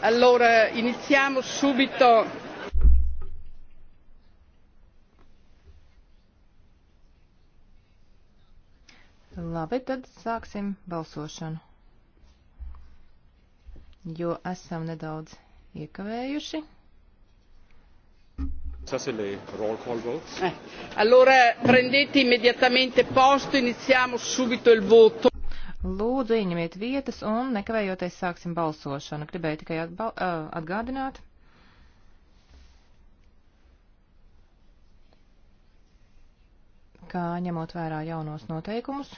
Allora, iniziamo subito. Labi, tad sāksim balsošanu, jo esam nedaudz iekavējuši. Eh, allora prendete immediatamente posto, iniziamo subito il voto. Lūdzu, ieņemiet vietas un nekavējoties sāksim balsošanu. Gribēju tikai atbal, uh, atgādināt. Kā ņemot vērā jaunos noteikumus,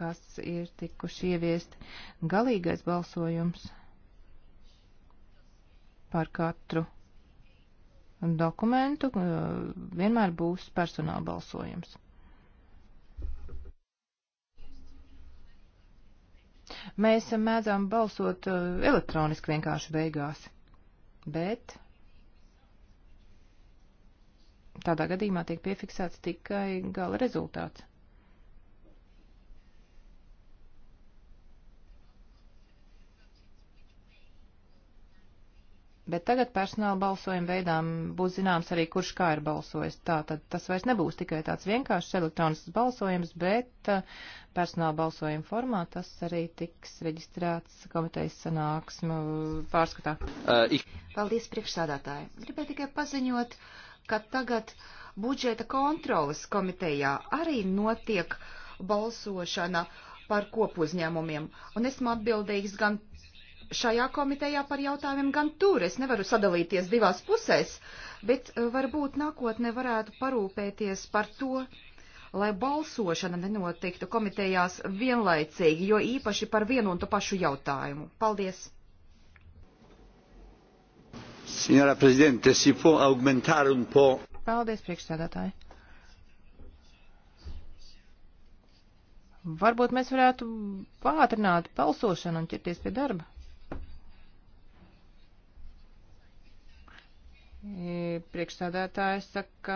kas ir tikuši ieviest galīgais balsojums par katru dokumentu eh, vienmēr būs personāla balsojums. Mēs mēdzām balsot eh, elektroniski vienkārši beigās, bet tādā gadījumā tiek piefiksēts tikai gala rezultāts. Bet tagad personāla balsojuma veidām būs zināms arī, kurš kā ir balsojis. Tātad tas vairs nebūs tikai tāds vienkāršs elektronisks balsojums, bet uh, personāla balsojuma formā tas arī tiks reģistrēts komitejas sanāksmu pārskatā. Uh, Paldies priekšsādātāji. Gribēju tikai paziņot, ka tagad budžeta kontrolas komitejā arī notiek balsošana par kopuzņēmumiem, un esmu atbildīgs gan šajā komitejā par jautājumiem, gan tur. Es nevaru sadalīties divās pusēs, bet eh, varbūt nākotnē varētu parūpēties par to, lai balsošana nenotiktu komitejās vienlaicīgi, jo īpaši par vienu un to pašu jautājumu. Paldies! Signora Presidente, si può aumentare un po'. Paldies, priekšstādātāji. Varbūt mēs varētu pātrināt balsošanu un ķerties pie darba. Priekšsādātājs saka,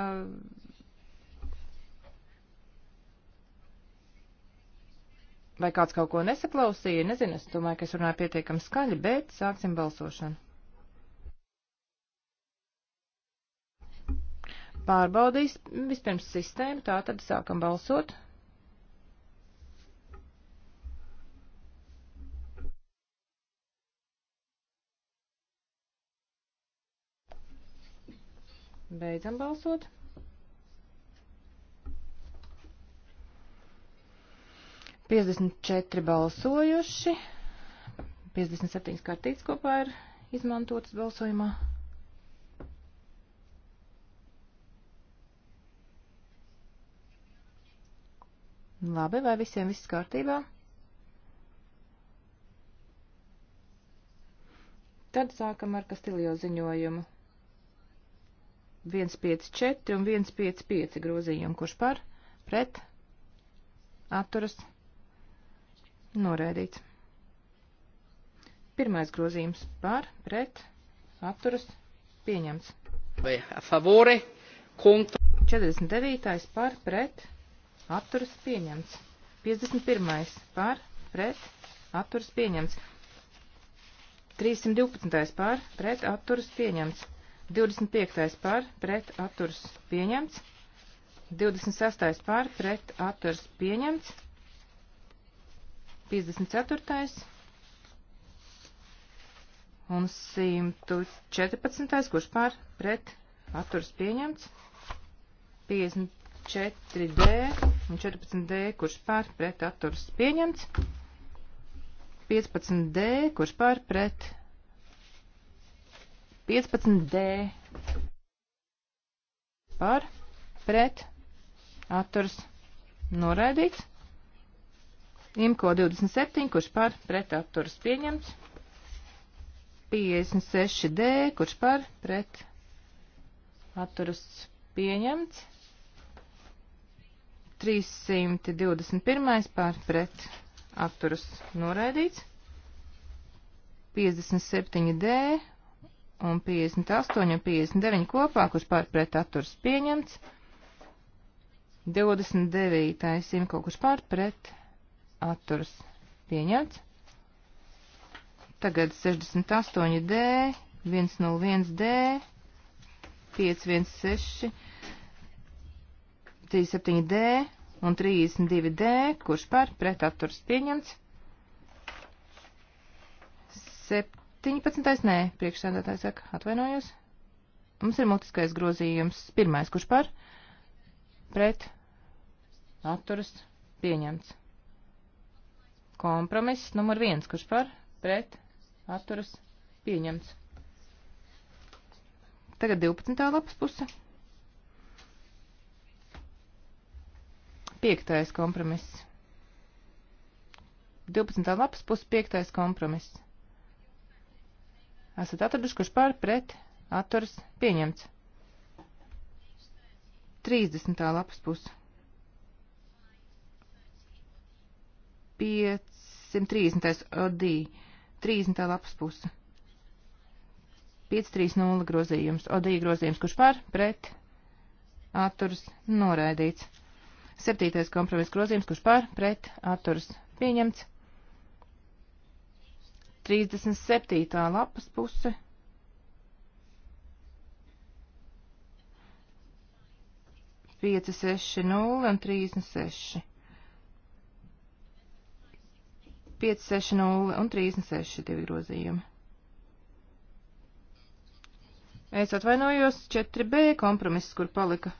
vai kāds kaut ko nesaklausīja, nezinu, es domāju, ka es runāju pietiekami skaļi, bet sāksim balsošanu. Pārbaudīs vispirms sistēmu, tā tad sākam balsot. Beidzam balsot. Piecdesmit četri balsojuši. 57 kartītes kopā ir izmantotas balsojumā. Labi, vai visiem viss kārtībā? Tad sākam ar Kastiljo ziņojumu. 154 un 155 grozījumi, kurš par, pret, atturas, noraidīts. Pirmais grozījums par, pret, atturas, pieņemts. Vai favore, kontra. 49. par, pret, atturas, pieņemts. 51. par, pret, atturas, pieņemts. 312. par, pret, atturas, pieņemts. 25. par pret atturs pieņemts. 26. par pret atturs pieņemts. 54. un 114. kurš par pret atturs pieņemts. 54D un 14D, kurš par pret atturs pieņemts. 15D, kurš par pret 15D par pret atturs noraidīts. Imko 27, kurš par pret atturs pieņemts. 56D, kurš par pret atturs pieņemts. 321 par pret atturas noraidīts. 57D un 58 un 59 kopā, kurš pārpret atturs pieņemts. 29. simko, kurš pārpret atturs pieņemts. Tagad 68D, 101D, 516, 37D un 32D, kurš pārpret atturs pieņemts. 7 17. nē, priekšsēdētājs saka, atvainojos. Mums ir mutiskais grozījums. Pirmais, kurš par? Pret. Atturas. Pieņemts. Kompromiss numur viens, kurš par? Pret. Atturas. Pieņemts. Tagad 12. lapas puse. Piektais kompromiss. 12. lapas puse, piektais kompromiss. Esat atraduši, kurš pār pret atturas pieņemts. 30. lapas puse. 530. odī. 30. lapas puse. 530 grozījums. Odī grozījums, kurš pār pret atturas noraidīts. 7. kompromiss grozījums, kurš pār pret atturas pieņemts. 37. lapas puse. Pieci, seši, nulli un trīsdesmit seši. Pieci, seši, nulli un trīsdesmit seši divi grozījumi. Es atvainojos 4B kompromiss, kur palika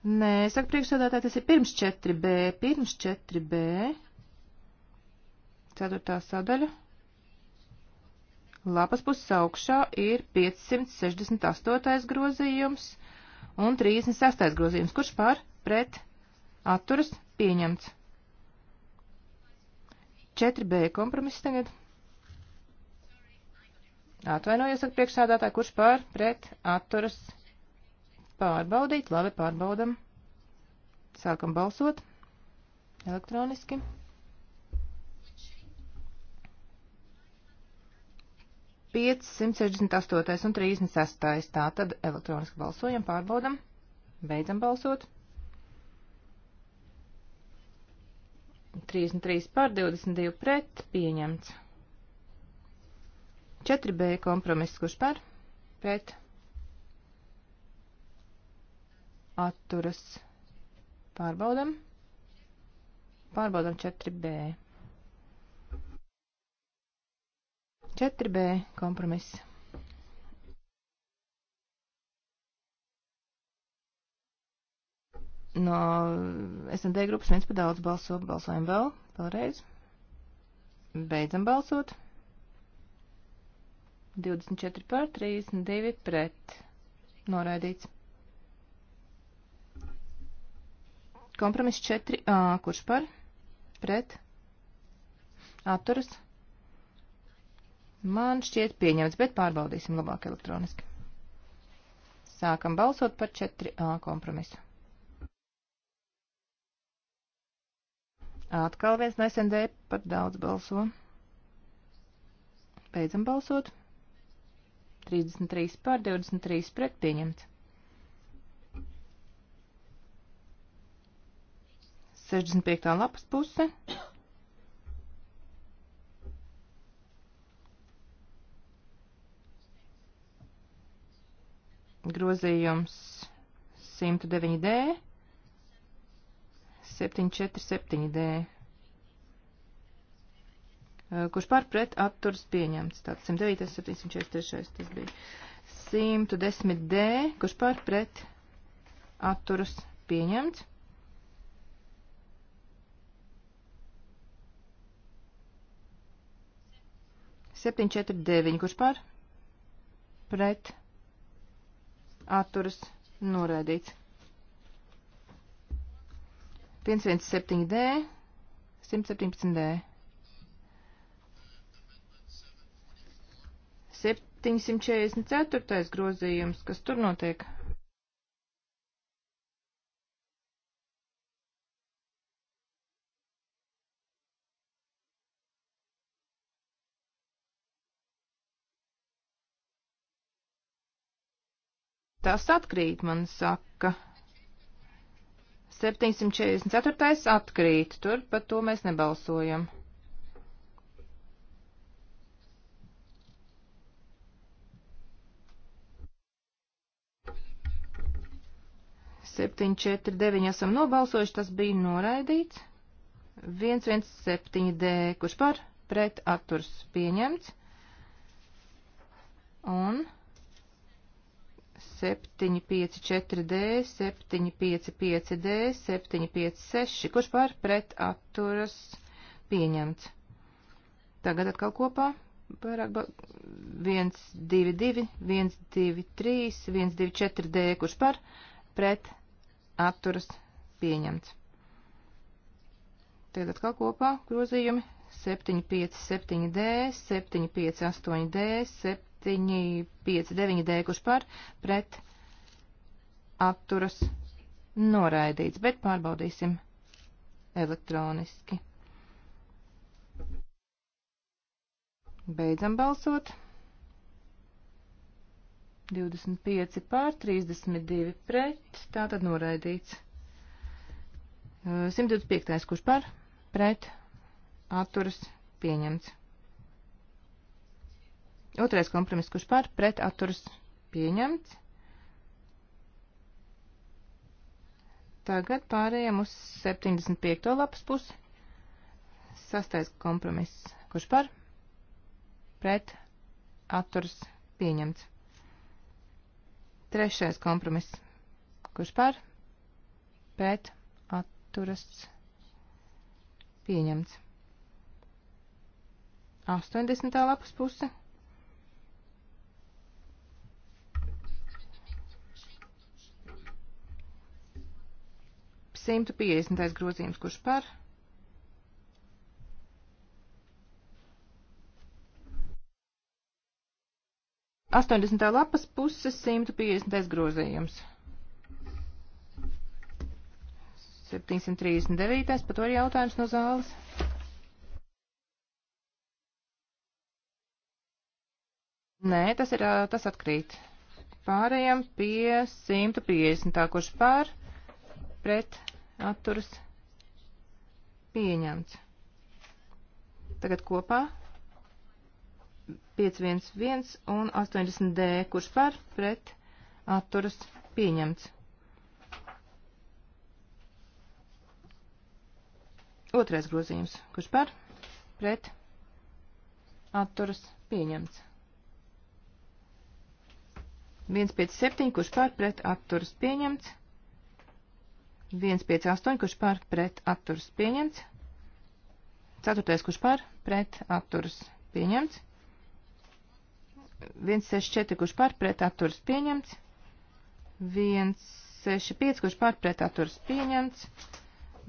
Nē, saka priekšsēdētāji, tas ir pirms 4B, pirms 4B, ceturtā sadaļa. Lapas puses augšā ir 568. grozījums un 36. grozījums, kurš pār pret atturas pieņemts. 4B kompromiss tagad. Atvainojos ar priekšsādātāju, kurš pār pret atturas pieņemts pārbaudīt. Labi, pārbaudam. Sākam balsot elektroniski. Piec, 168 un 36. Tā tad elektroniski balsojam, pārbaudam, beidzam balsot. 33 pār 22 pret pieņemts. 4B kompromiss, kurš par, pret, atturas pārbaudam. Pārbaudam 4B. 4B kompromiss. No SND grupas viens pa daudz balso, balsojam vēl, vēlreiz. Beidzam balsot. 24 pār 32 pret. Noraidīts. Kompromiss 4a, kurš par, pret, atturas. Man šķiet pieņemts, bet pārbaudīsim labāk elektroniski. Sākam balsot par 4a kompromisu. Atkal viens no SND par daudz balso. Beidzam balsot. 33 pār 23 pret pieņemts. 65. lapas puse. Grozījums 109D, 747D. Kurš pārpret atturas pieņemts? Tāds 109, 743 tas bija. 110D, kurš pārpret atturas pieņemts? 749, kurš par? Pret. Atturas noraidīts. 117D, 117D. 744. grozījums, kas tur notiek? Tas atkrīt, man saka. 744. atkrīt, tur par to mēs nebalsojam. Septiņi, četri, deviņi esam nobalsojuši, tas bija noraidīts. Viens, viens, septiņi, D, kurš par pret atturs pieņemts. Un 754D, 755D, 756, kurš par pret atturas pieņemts. Tagad atkal kopā vairāk 1, 2, 2, 1, 2, 3, 1, 2, 4 D, kurš par pret atturas pieņemts. Tagad atkal kopā grozījumi 7, 5, 7 D, 7, 5, 8 D, 7, 7, 5, 9 dēkuši par pret atturas noraidīts, bet pārbaudīsim elektroniski. Beidzam balsot. 25 pār 32 pret, tā tad noraidīts. 125. kurš par, pret, atturas, pieņemts. Otrais kompromiss, kurš par pret atturas pieņemts. Tagad pārējām uz 75. lapas pusi. Sastais kompromiss, kurš par pret atturas pieņemts. Trešais kompromiss, kurš par pret atturas pieņemts. 80. lapas puse. 150. grozījums, kurš par? Astoņdesmitā lapas puses, 150. grozījums. 739. pat var jautājums no zāles. Nē, tas ir, tas atkrīt. Pārējām pie 150. kurš pār? pret atturas pieņemts. Tagad kopā 511 un 80D, kurš par pret atturas pieņemts. Otrais grozījums, kurš par pret atturas pieņemts. 157, kurš par pret atturas pieņemts. 158, kurš par pret atturs pieņemts. 4. kurš par pret atturs pieņemts. 164, kurš par pret atturs pieņemts. 165, kurš par pret atturs pieņemts.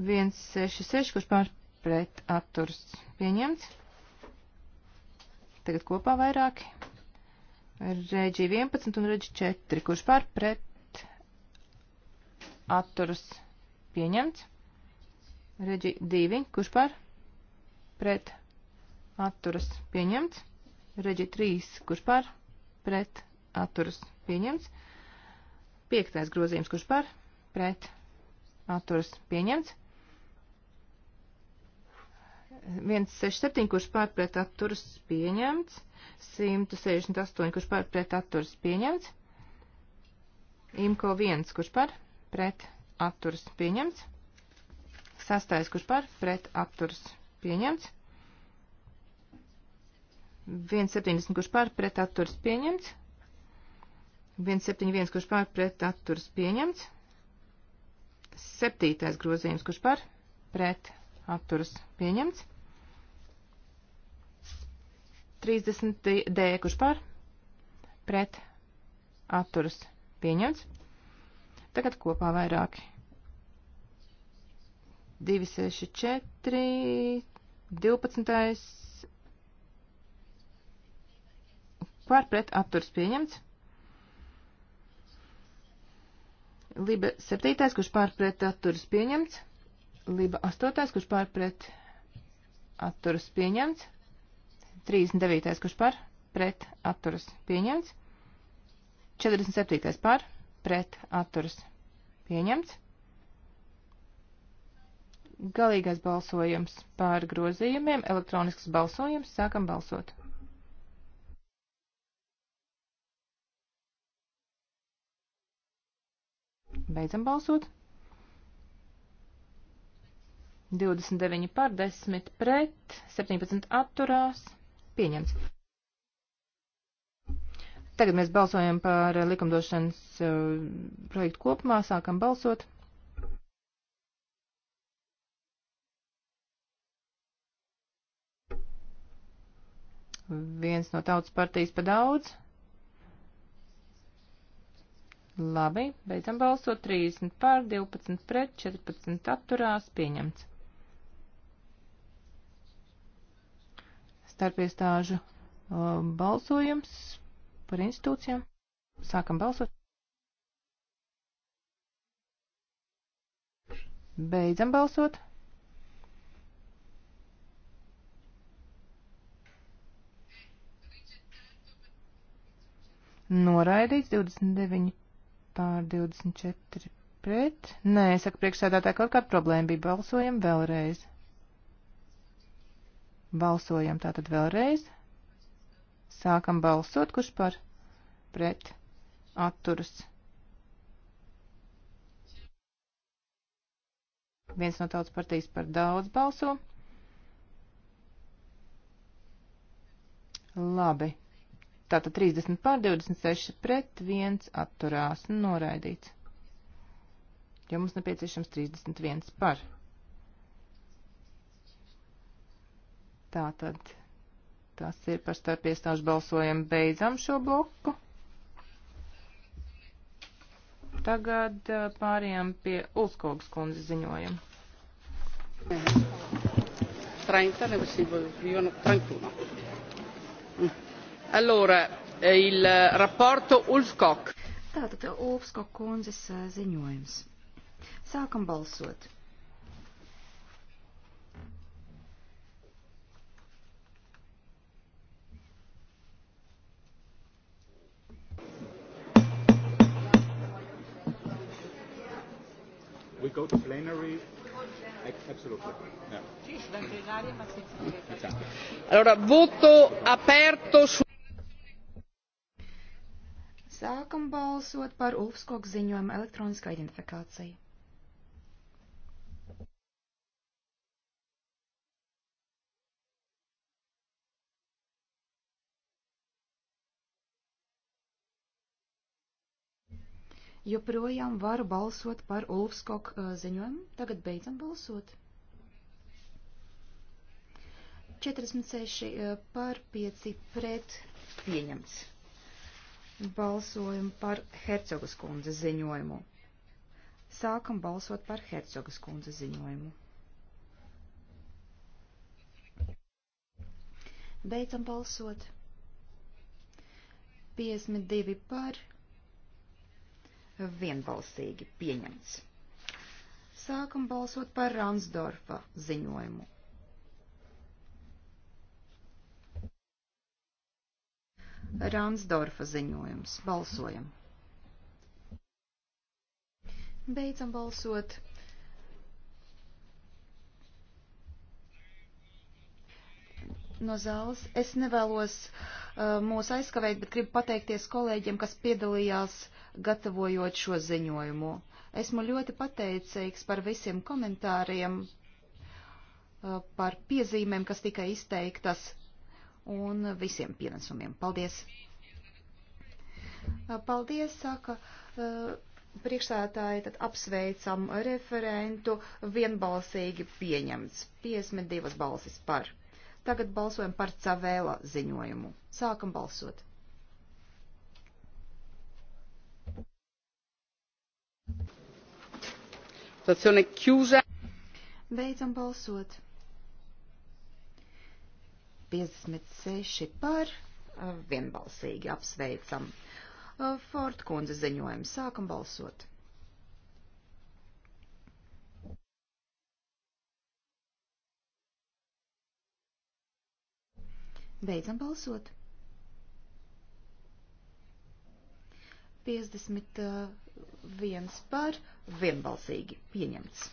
166, kurš par pret atturs pieņemts. Tagad kopā vairāki. Reģi 11 un reģi 4, kurš par pret atturs pieņemts atturas pieņemts. Reģi 2, kurš par? Pret atturas pieņemts. Reģi 3, kurš par? Pret atturas pieņemts. Piektais grozījums, kurš par? Pret atturas pieņemts. 167, kurš pārpret atturas pieņemts, 168, kurš pārpret atturas pieņemts, IMCO 1, kurš pārpret apturs pieņemts. Sastais, kurš par pret apturs pieņemts. 1,70, kurš par pret apturs pieņemts. 1,71, kurš par pret apturs pieņemts. Septītais grozījums, kurš par pret apturs pieņemts. 30 D, kurš par pret apturs pieņemts. Tagad kopā vairāki 264, 12. Par pret atturs pieņemts. Liba 7. kurš pār pret atturs pieņemts. Liba 8. kurš pār pret atturas pieņemts. 39. kurš par pret atturas pieņemts. 47. par pret atturas pieņemts. Galīgais balsojums pār grozījumiem, elektronisks balsojums, sākam balsot. Beidzam balsot. 29 par 10 pret, 17 atturās, pieņemts. Tagad mēs balsojam par likumdošanas uh, projektu kopumā, sākam balsot. Viens no tautas partijas pa daudz. Labi, beidzam balsot 30 pār, 12 pret, 14 atturās, pieņemts. Starpiestāžu balsojums par institūcijām. Sākam balsot. Beidzam balsot. noraidīts, 29 pār 24 pret. Nē, saka priekšsēdētāji, kaut kāda problēma bija. Balsojam vēlreiz. Balsojam tātad vēlreiz. Sākam balsot, kurš par pret atturas. Viens no tautas partijas par daudz balso. Labi, Tātad 30 pār 26 pret 1 atturās un noraidīts. Jo mums nepieciešams 31 par. Tātad tas ir par starp iestāžu balsojumu. Beidzam šo bloku. Tagad uh, pārējām pie Ulskogas kundzes ziņojuma. Mm -hmm. 30, nevis 31. Mm. Allora, eh, il rapporto Ulfskog. Tātad Ulfskog kundzes eh, ziņojums. Sākam balsot. we go to plenary. Absolutely. Yeah. Allora, voto aperto su. Sākam balsot par Ulfskog ziņojumu elektroniskā identifikācija. joprojām varu balsot par Ulfskog uh, ziņojumu. Tagad beidzam balsot. 46 uh, par 5 pret pieņemts. Balsojam par Hercogas kundzes ziņojumu. Sākam balsot par Hercogas kundzes ziņojumu. Beidzam balsot. 52 par. Vienbalsīgi pieņemts. Sākam balsot par Ransdorfa ziņojumu. Ransdorfa ziņojums. Balsojam. Beidzam balsot. No zāles. Es nevēlos uh, mūs aizkavēt, bet gribu pateikties kolēģiem, kas piedalījās gatavojot šo ziņojumu. Esmu ļoti pateicīgs par visiem komentāriem, uh, par piezīmēm, kas tika izteiktas un visiem pienesumiem. Paldies! Paldies, saka priekšsētāji, tad apsveicam referentu vienbalsīgi pieņemts 52 balsis par. Tagad balsojam par Cavēla ziņojumu. Sākam balsot. Beidzam balsot. 56 par vienbalsīgi apsveicam. Ford kundze ziņojumu sākam balsot. Beidzam balsot. 51 par vienbalsīgi pieņemts.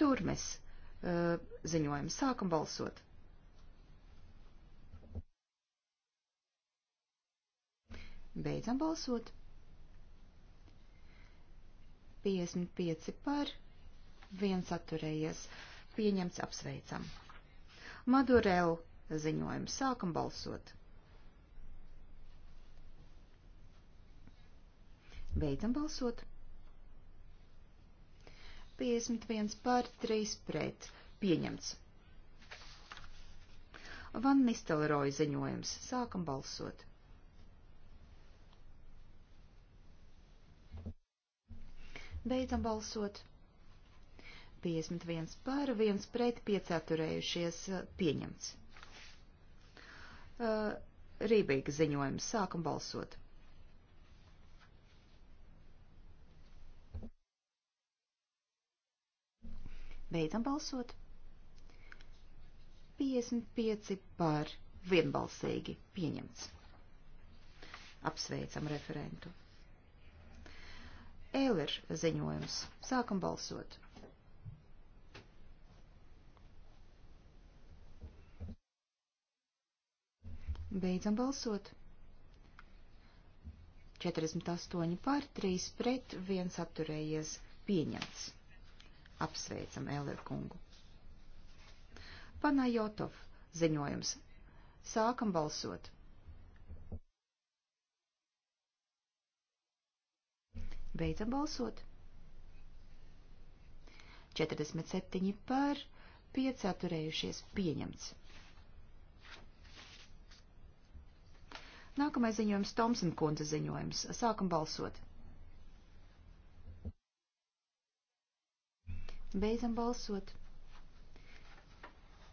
Tur mēs ziņojumu sākam balsot. Beidzam balsot. 55 par, viens atturējies, pieņemts apsveicam. Madurel ziņojums, sākam balsot. Beidzam balsot. 51 par, 3 pret, pieņemts. Van Nistelroja ziņojums, sākam balsot. Beidzam balsot. 51 par, 1 pret, 5 atturējušies, eh, pieņemts. Eh, Rībīga ziņojums. Sākam balsot. Beidzam balsot. 55 par vienbalsīgi pieņemts. Apsveicam referentu. Eiler ziņojums. Sākam balsot. Beidzam balsot. 48 pār 3 pret 1 atturējies pieņemts. Apsveicam Eiler kungu. Panajotov ziņojums. Sākam balsot. Beidzam balsot. 47 par, 5 atturējušies, pieņemts. Nākamais ziņojums Tomsen kundze ziņojums. Sākam balsot. Beidzam balsot.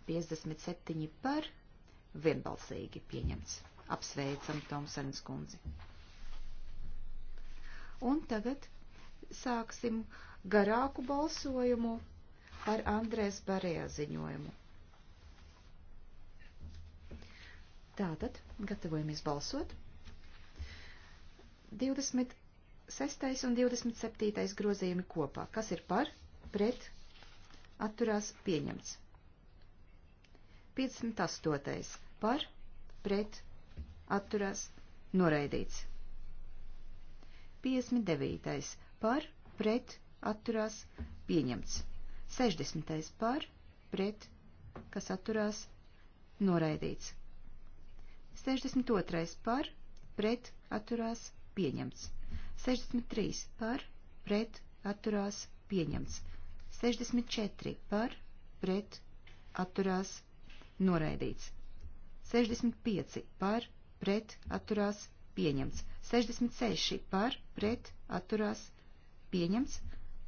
57 par, vienbalsīgi pieņemts. Apsveicam Tomsenes kundzi. Un tagad sāksim garāku balsojumu par Andrēs Barējā ziņojumu. Tātad, gatavojamies balsot. 26. un 27. grozījumi kopā. Kas ir par, pret, atturās pieņemts. 58. par, pret, atturās noraidīts. 59. par, pret, atturās, pieņemts. 60. par, pret, kas atturās, noraidīts. 62. par, pret, atturās, pieņemts. 63. par, pret, atturās, pieņemts. 64. par, pret, atturās, noraidīts. 65. par, pret, atturās, pieņemts pieņemts. 66 par pret atturās pieņemts.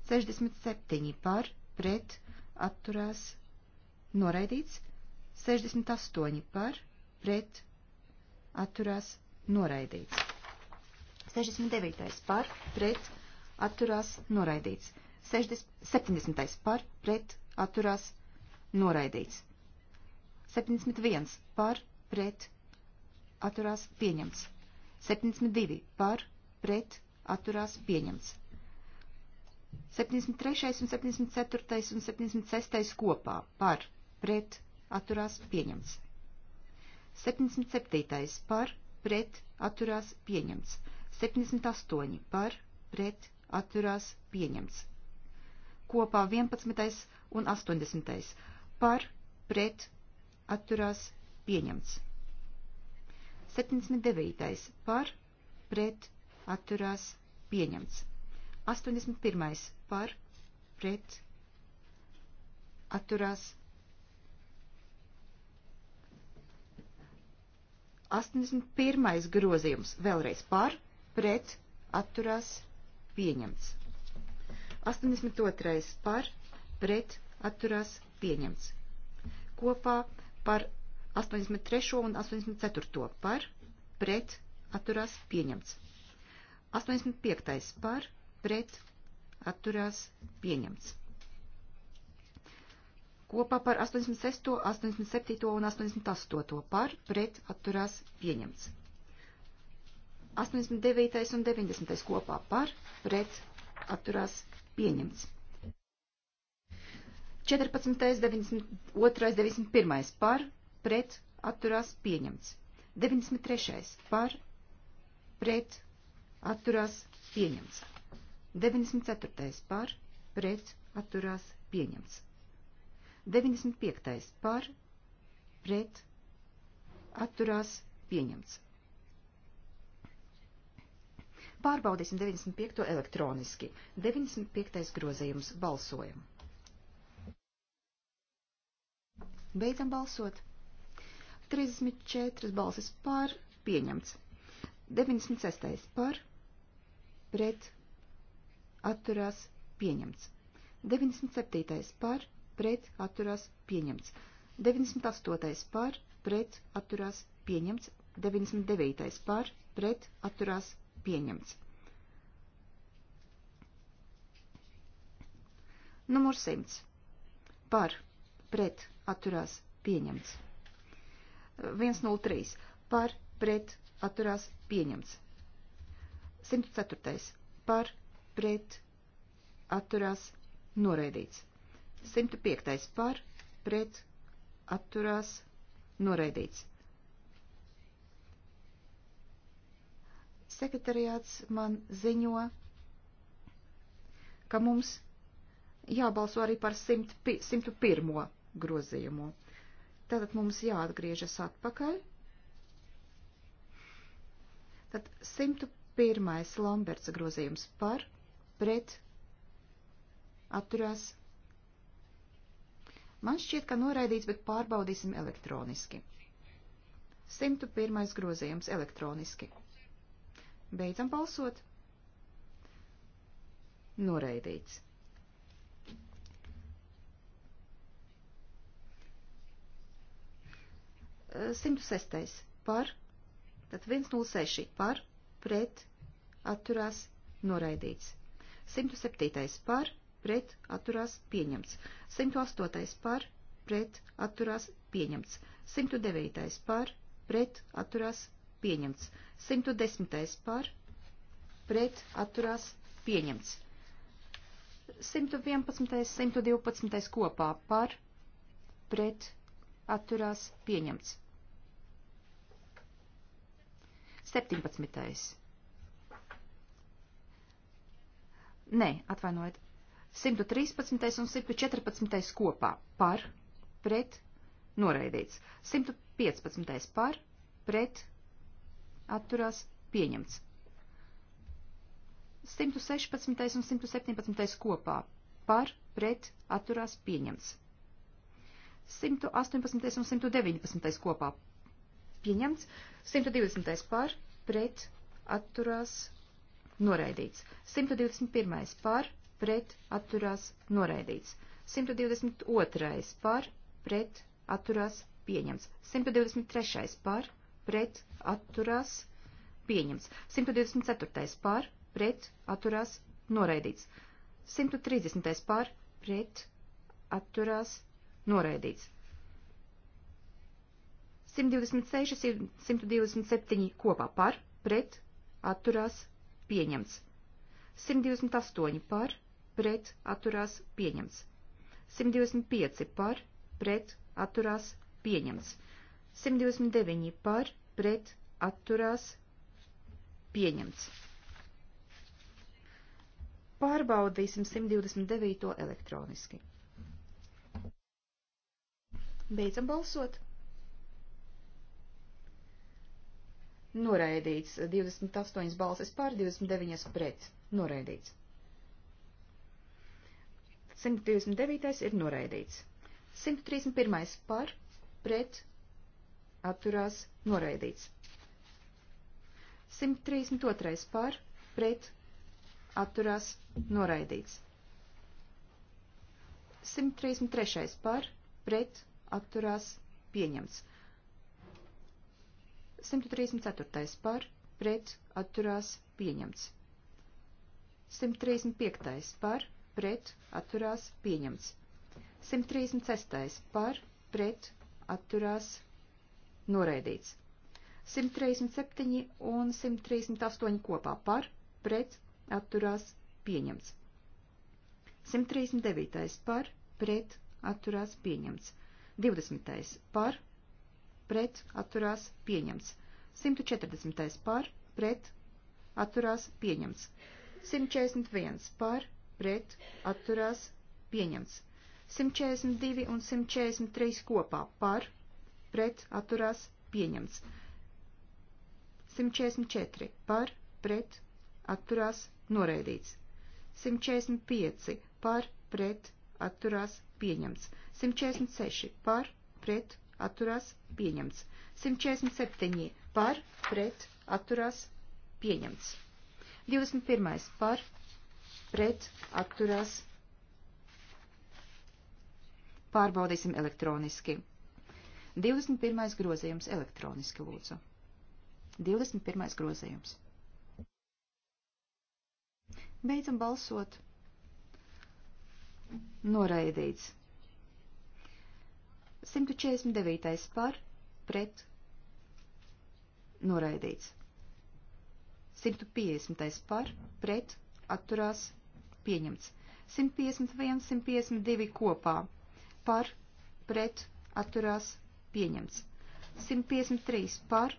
67 par pret atturās noraidīts. 68 par pret atturās noraidīts. 69 par pret atturās noraidīts. 60, 70 par pret atturās noraidīts. 71 par pret atturās pieņemts. 72 par pret atturās pieņemts. 73. un 74. un 76. kopā par pret atturās pieņemts. 77. par pret atturās pieņemts. 78. par pret atturās pieņemts. Kopā 11. un 80. par pret atturās pieņemts. 79. par pret atturās pieņemts. 81. par pret atturās 81. grozījums vēlreiz par pret atturās pieņemts. 82. par pret atturās pieņemts. Kopā par 83. un 84. par pret atturās pieņemts. 85. par pret atturās pieņemts. Kopā par 86., 87. un 88. par pret atturās pieņemts. 89. un 90. kopā par pret atturās pieņemts. 14. 92. 91. par pret atturās pieņemts. 93. par pret atturās pieņemts. 94. par pret atturās pieņemts. 95. par pret atturās pieņemts. Pārbaudīsim 95. elektroniski. 95. grozījums balsojam. Beidzam balsot. 34 balsis par pieņemts. 96. par pret atturās pieņemts. 97. par pret atturās pieņemts. 98. par pret atturās pieņemts. 99. par pret atturās pieņemts. Numur 100. Par pret atturās pieņemts. 103 par pret atturās pieņemts. 104 par pret atturās noraidīts. 105 par pret atturās noraidīts. Sekretariāts man ziņo, ka mums jābalso arī par 100, 101. grozījumu. Tātad mums jāatgriežas atpakaļ. Tad 101. Lamberts grozījums par, pret, atturās. Man šķiet, ka noraidīts, bet pārbaudīsim elektroniski. 101. grozījums elektroniski. Beidzam balsot. Noraidīts. 106. par, tad 106 par, pret, atturās, noraidīts. 107. par, pret, atturās, pieņemts. 108. par, pret, atturās, pieņemts. 109. par, pret, atturās, pieņemts. 110. par, pret, atturās, pieņemts. 111. 112. kopā par, pret, atturās, pieņemts. 17. Nē, atvainojiet. 113. un 114. kopā par, pret, noraidīts. 115. par, pret, atturās, pieņemts. 116. un 117. kopā par, pret, atturās, pieņemts. 118. un 119. kopā pieņemts. 120. par, pret, atturās, noraidīts. 121. par, pret, atturās, noraidīts. 122. par, pret, atturās, pieņemts. 123. par, pret, atturās, pieņemts. 124. par, pret, atturās, noraidīts. 130. par, pret, atturās, noraidīts. 126, 127 kopā par, pret, atturās, pieņemts. 128 par, pret, atturās, pieņemts. 125 par, pret, atturās, pieņemts. 129 par, pret, atturās, pieņemts. Pārbaudīsim 129 elektroniski. Beidzam balsot. Noraidīts 28 balsis pār, 29 pret. Noraidīts. 129. ir noraidīts. 131. par, pret, atturās, noraidīts. 132. par, pret, atturās, noraidīts. 133. par, pret, atturās, pieņemts. 134. par pret atturās pieņemts. 135. par pret atturās pieņemts. 136. par pret atturās noraidīts. 137 un 138 kopā par pret atturās pieņemts. 139. par pret atturās pieņemts. 20. par pret atturās pieņemts. 140. par pret atturās pieņemts. 141. par pret atturās pieņemts. 142 un 143 kopā par pret atturās pieņemts. 144 par pret atturās noraidīts. 145 par pret atturās pieņemts. 146 par pret atturās pieņemts. 147 par pret atturās pieņemts. 21 par pret atturās pārbaudīsim elektroniski. 21. grozījums elektroniski lūdzu. 21. grozījums. Beidzam balsot. Noraidīts. 149. par pret noraidīts. 150. par pret atturās pieņemts. 151, 152 kopā par pret atturās pieņemts. 153 par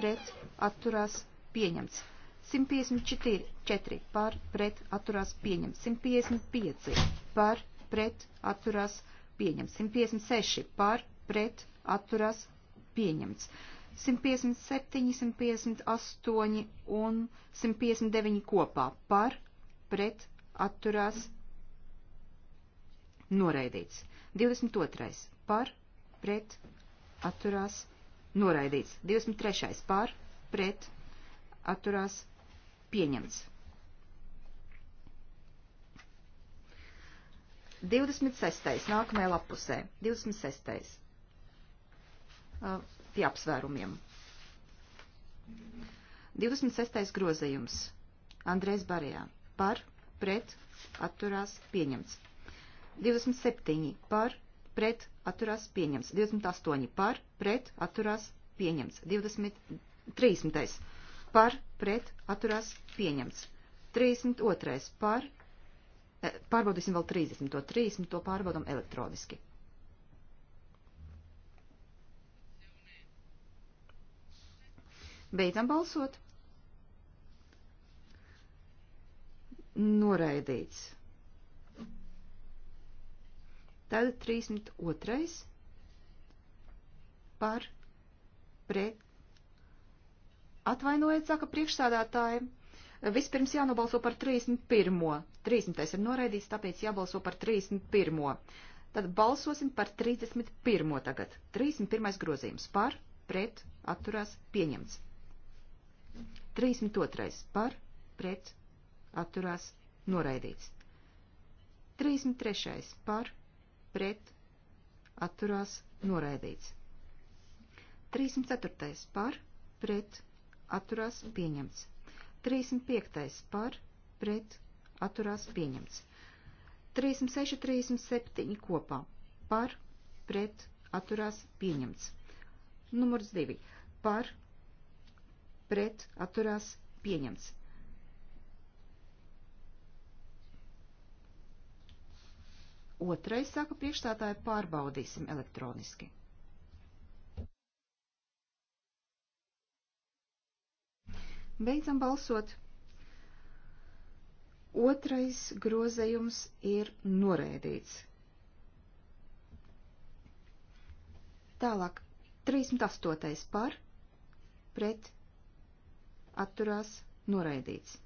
pret atturās pieņemts. 154 par pret atturās pieņemts. 155 par pret atturās pieņemts pieņemts. 156 par pret atturās pieņemts. 157, 158 un 159 kopā par pret atturās noraidīts. 22. par pret atturās noraidīts. 23. par pret atturās pieņemts. 26. nākamajā lapusē. 26. Pie apsvērumiem. 26. grozījums. Andrēs Barējā. Par, pret, atturās, pieņemts. 27. Par, pret, atturās, pieņemts. 28. Par, pret, atturās, pieņemts. 20, 30. Par, pret, atturās, pieņemts. 32. Par, Eh, pārbaudīsim vēl 30. 30. to pārbaudam elektroniski. Beidzam balsot. Noraidīts. Tad 32. par pret. Atvainojiet, saka priekšsādātājiem. Vispirms jānobalso par 31. 30. ir noraidīts, tāpēc jābalso par 31. Tad balsosim par 31. tagad. 31. grozījums par, pret, atturās, pieņemts. 32. par, pret, atturās, noraidīts. 33. par, pret, atturās, noraidīts. 304. par, pret, atturās, pieņemts. 305. par, pret, atturās pieņemts. 306, 307 kopā par, pret, atturās pieņemts. Numurs 2. Par, pret, atturās pieņemts. Otrais saka priekšstātāju pārbaudīsim elektroniski. Beidzam balsot. Otrais grozējums ir noraidīts. Tālāk, 38. par, pret, atturās, noraidīts.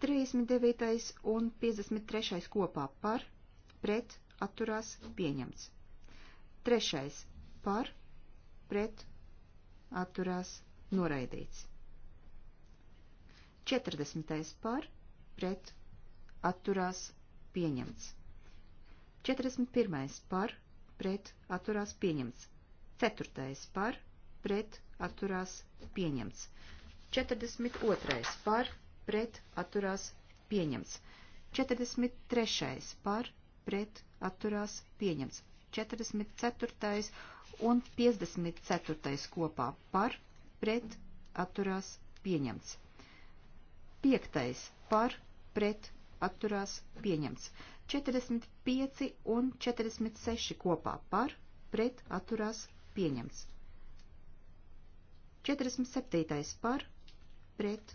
39. un 53. kopā par, pret, atturās, pieņemts. 3. par, pret, atturās, noraidīts. 40. par pret atturās pieņemts. 41. par pret atturās pieņemts. 4. par pret atturās pieņemts. 42. par pret atturās pieņemts. 43. par pret atturās pieņemts. 44. un 54. kopā par pret atturās pieņemts. Piektais par pret atturās pieņemts. 45 un 46 kopā par pret atturās pieņemts. 47 par pret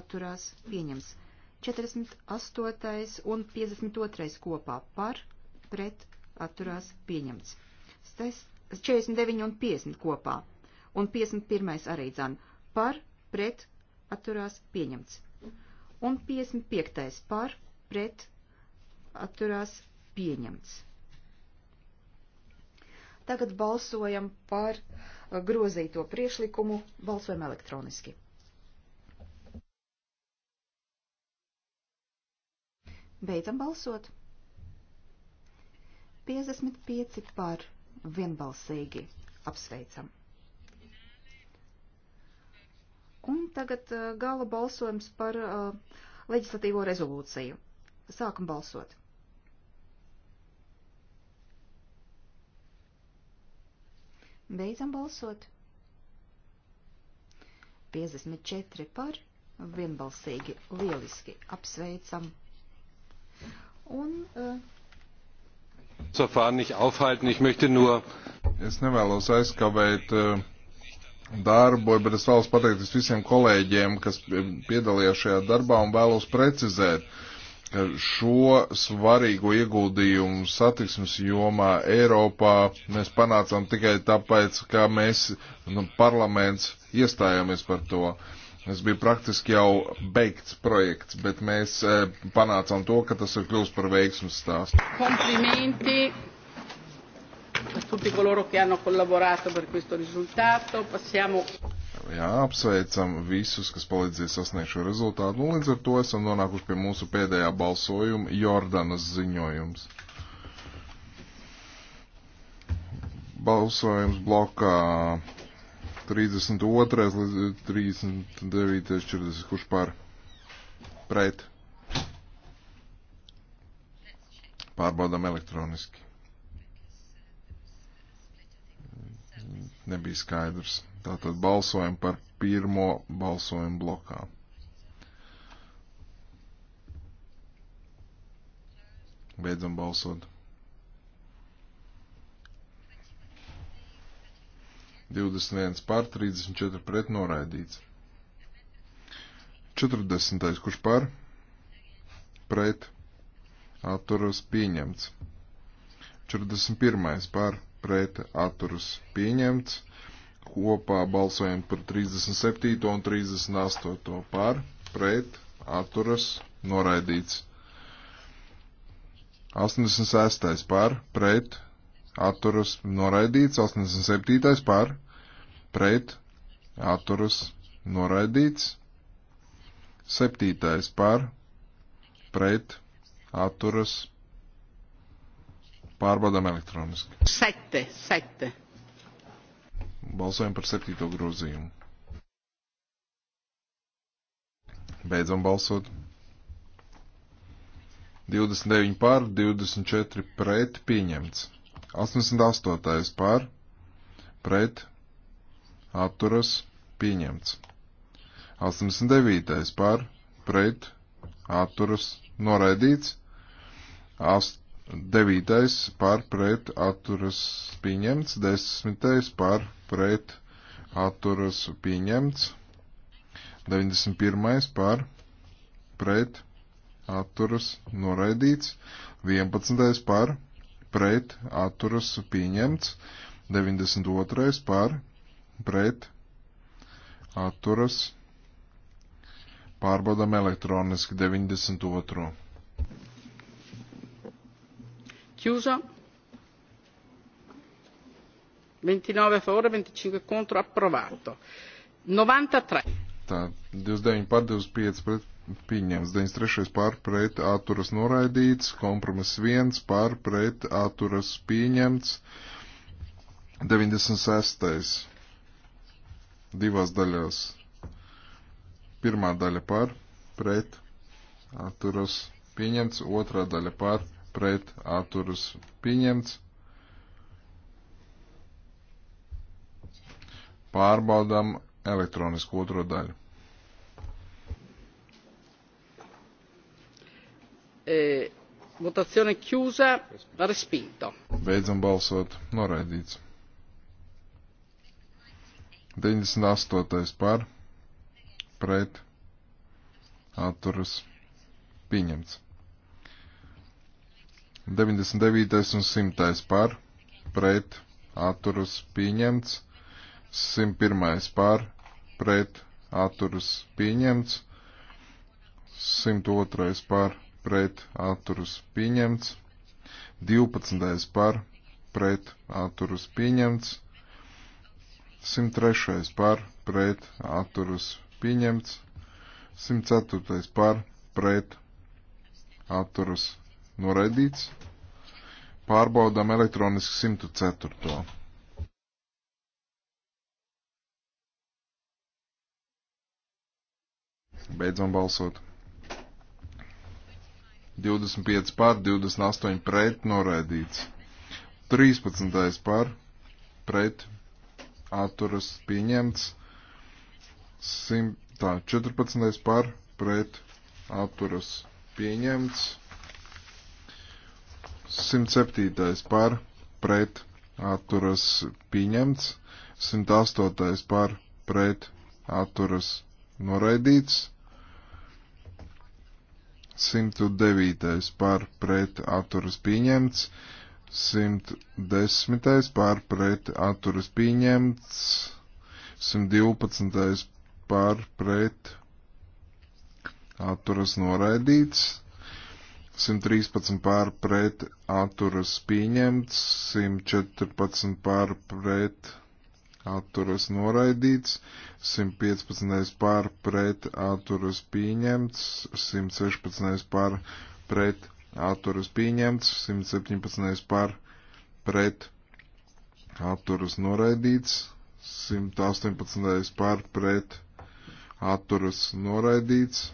atturās pieņemts. 48 un 52 kopā par pret atturās pieņemts. 49 un 50 kopā un 51 arī dzan par pret atturās pieņemts. Un 55. par pret atturās pieņemts. Tagad balsojam par uh, grozīto priešlikumu, balsojam elektroniski. Beidzam balsot. 55 par vienbalsīgi apsveicam. Un tagad uh, gala balsojums par uh, leģislatīvo rezolūciju. Sākam balsot. Beidzam balsot. 54 par, vienbalsīgi, lieliski apsveicam. Un. Uh, Es nevēlos aizkavēt uh, darbu, bet es vēlos pateikties visiem kolēģiem, kas piedalījās šajā darbā un vēlos precizēt, ka šo svarīgo ieguldījumu satiksmes jomā Eiropā mēs panācām tikai tāpēc, ka mēs, nu, parlaments, iestājāmies par to. Tas bija praktiski jau beigts projekts, bet mēs e, panācām to, ka tas ir kļūst par veiksmu stāstu. Komplimenti a tutti coloro che hanno collaborato per questo risultato. Passiamo. Jā, apsveicam visus, kas palīdzēja sasniegt šo rezultātu. Un līdz ar to esam nonākuši pie mūsu pēdējā balsojuma - Jordanas ziņojums. Balsojums blokā 32. līdz 39. 40. Kurš par? Pret. Pārbaudām elektroniski. nebija skaidrs. Tātad balsojam par pirmo balsojumu blokā. Beidzam balsot. 21 pār 34 pret noraidīts. 40. kurš pār? Pret. Atturas pieņemts. 41. pār pret atturas pieņemts. Kopā balsojam par 37. un 38. par pret atturas noraidīts. 86. par pret atturas noraidīts. 87. par pret atturas noraidīts. 7. par pret atturas noraidīts Pārbaudām elektroniski. Sete, sete. Balsojam par septīto grozījumu. Beidzam balsot. 29 pār, 24 pret pieņemts. 88 pār, pret, atturas, pieņemts. 89 pār, pret, atturas, noraidīts. Ast, Devītais par pret atturas pieņemts, desmitais par pret atturas pieņemts, 91. par pret atturas noraidīts, 11. par pret atturas pieņemts, 92. par pret atturas pārbaudam elektroniski 92 chiuso ventinove a favore venticinque contro approvato novantatré tā 29 par 25 pret pieņems 93 par pret atturas noraidīts kompromiss 1 par pret atturas pieņemts 96 divās daļās pirmā daļa par pret atturas pieņemts otrā daļa par pret pret atturas pieņemts. Pārbaudām elektronisku otro daļu. E, votazione chiusa, respinto. Beidzam balsot, noraidīts. 98. par, pret, atturas, pieņemts. 99. un 100. par, pret, atturas pieņemts, 101. par, pret, atturas pieņemts, 102. par, pret, atturas pieņemts, 12. par, pret, atturas pieņemts, 103. par, pret, atturas pieņemts, 104. par, pret, atturas Noraidīts. Pārbaudām elektroniski 104. Beidzam balsot. 25 pār, 28 pret, noraidīts. 13 pār, pret, atturas pieņemts. 100, tā, 14 pār, pret, atturas pieņemts. 107. par pret atturas pieņemts, 108. par pret atturas noraidīts, 109. par pret atturas pieņemts, 110. par pret atturas pieņemts, 112. par pret atturas noraidīts, 113 pār pret atturas pieņemts, 114 pār pret atturas noraidīts, 115 pār pret atturas pieņemts, 116 pār pret atturas pieņemts, 117 pār pret atturas noraidīts, 118 pār pret atturas noraidīts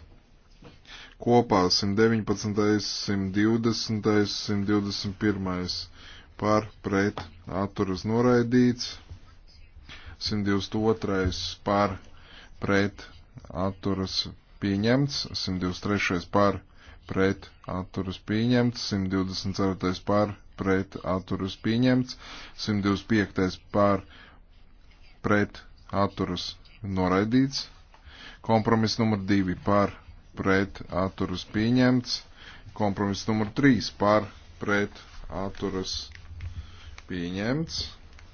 kopā 119, 120, 121 par pret atturas noraidīts, 122 par pret atturas pieņemts, 123 par pret atturas pieņemts, 124 par pret atturas pieņemts, 125 par pret atturas noraidīts, kompromiss numur 2 par pret pret atturas pieņemts. Kompromiss numur 3 par pret atturas pieņemts.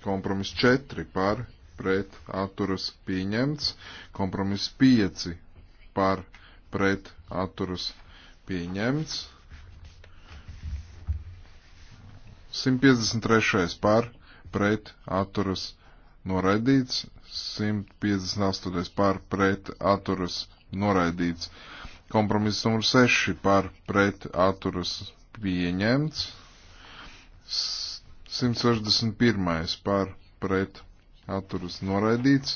Kompromiss 4 par pret atturas pieņemts. Kompromiss 5 par pret atturas pieņemts. 153. par pret atturas noraidīts, 158. par pret atturas noraidīts, Kompromiss numur 6 par pret atturas pieņemts. 161. par pret atturas noraidīts.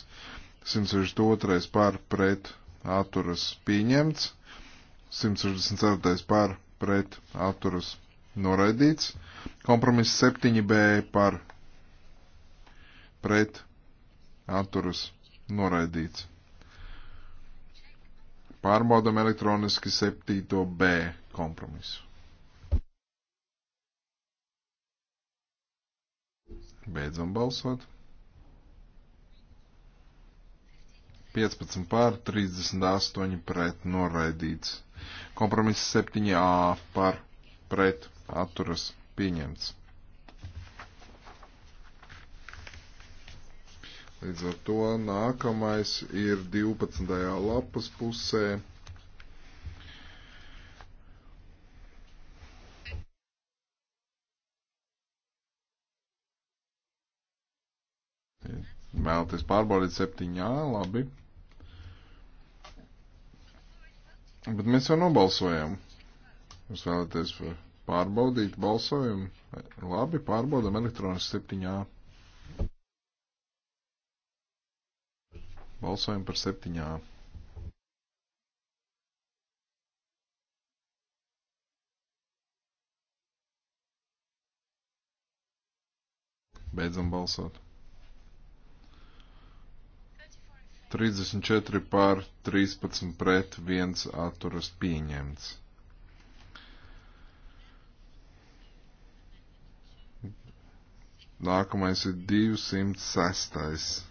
162. par pret atturas pieņemts. 164. par pret atturas noraidīts. Kompromiss 7b par pret atturas noraidīts. Pārbaudam elektroniski 7b kompromisu. Beidzam balsot. 15 pār 38 pret noraidīts. Kompromiss 7a par pret atturas pieņemts. Līdz ar to nākamais ir 12. lapas pusē. Vēlaties pārbaudīt septiņā, labi. Bet mēs jau nobalsojam. Jūs vēlaties pārbaudīt balsojumu? Labi, pārbaudam elektronas septiņā. Balsojam par septiņā. Beidzam balsot. 34 pār 13 pret 1 atturas pieņemts. Nākamais ir 206.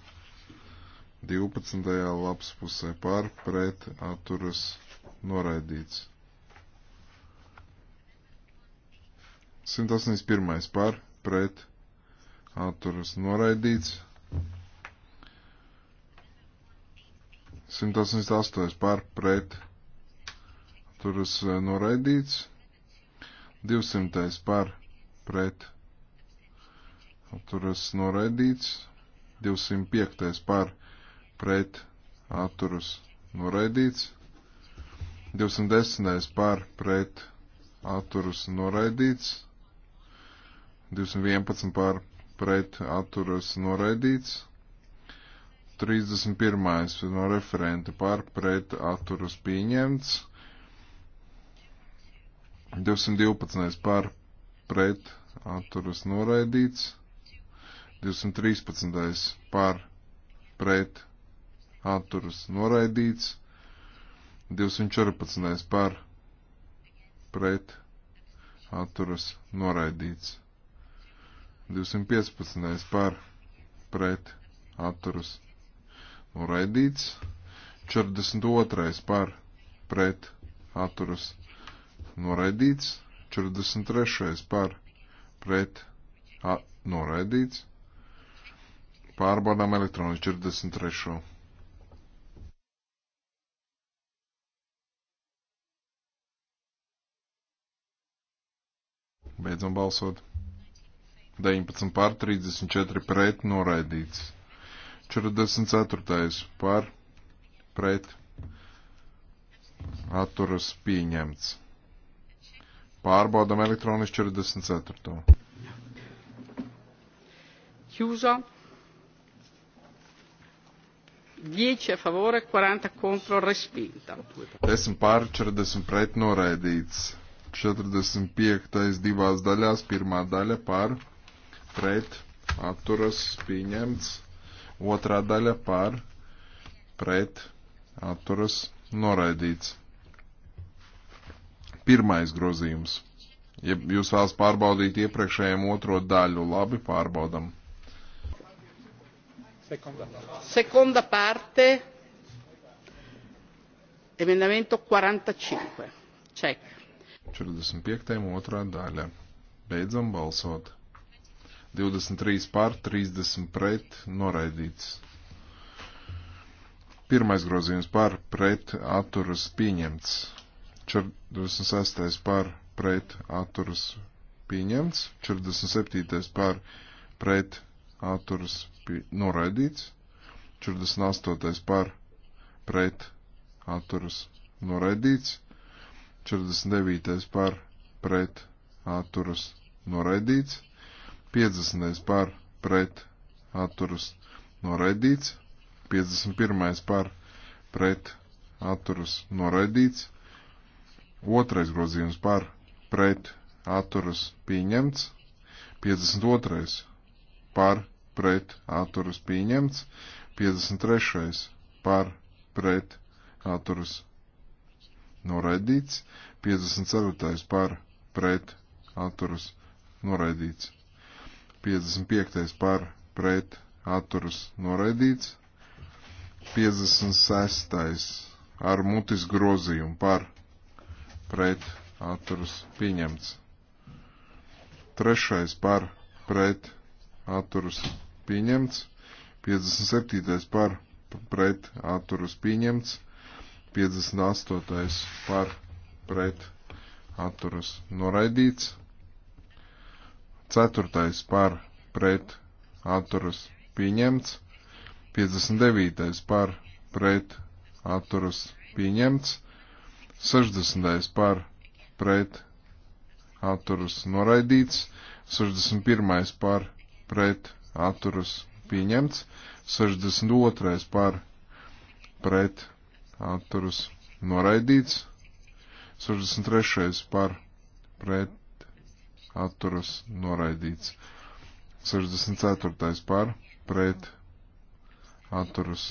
12. lapas pusē par pret atturas noraidīts. 181. par pret atturas noraidīts. 188 par pret atturas noraidīts. 200 par pret atturas noraidīts. 205 par pret pret atturas noraidīts. 210. par pret atturas noraidīts. 211 par pret atturas noraidīts. 31. no referenta par pret atturas pieņemts. 212. par pret atturas noraidīts. 213. par pret atturas noraidīts, 214. par pret atturas noraidīts, 215. par pret atturas noraidīts, 42. par pret atturas noraidīts, 43. par pret a, noraidīts. Pārbaudām elektroniski 43. Beidzam balsot. 19 pār 34 pret noraidīts. 44. pār pret atturas pieņemts. Pārbaudam elektroniski 44. Chiuso. 10 a favore, 40 contro respinta. 10 pār 40 pret noraidīts. 45. divās daļās, pirmā daļa par, pret, atturas, pieņemts, otrā daļa par, pret, atturas, noraidīts. Pirmais grozījums. Ja jūs vēlas pārbaudīt iepriekšējiem otro daļu, labi pārbaudam. Seconda parte, emendamento 45. Check. 45. otrā daļa. Beidzam balsot. 23 pār, 30 pret, noraidīts. Pirmais grozījums par pret atturas pieņemts. 46. par pret atturas pieņemts. 47. par pret atturas pie... noraidīts. 48. par pret atturas noraidīts. 49. par pret atturas noraidīts, 50. par pret atturas noraidīts, 51. par pret atturas noraidīts, 2. grozījums par pret atturas pieņemts, 52. par pret atturas pieņemts, 53. par pret atturas noraidīts, 54. par pret atturas noraidīts, 55. par pret atturas noraidīts, 56. ar mutis grozījumu par pret atturas pieņemts, 3. par pret atturas pieņemts, 57. par pret atturas pieņemts, 58. par pret atturas noraidīts. 4. par pret atturas pieņemts. 59. par pret atturas pieņemts. 60. par pret atturas noraidīts. 61. par pret atturas pieņemts. 62. par pret atturas noraidīts. 63. par pret atturas noraidīts. 64. par pret atturas.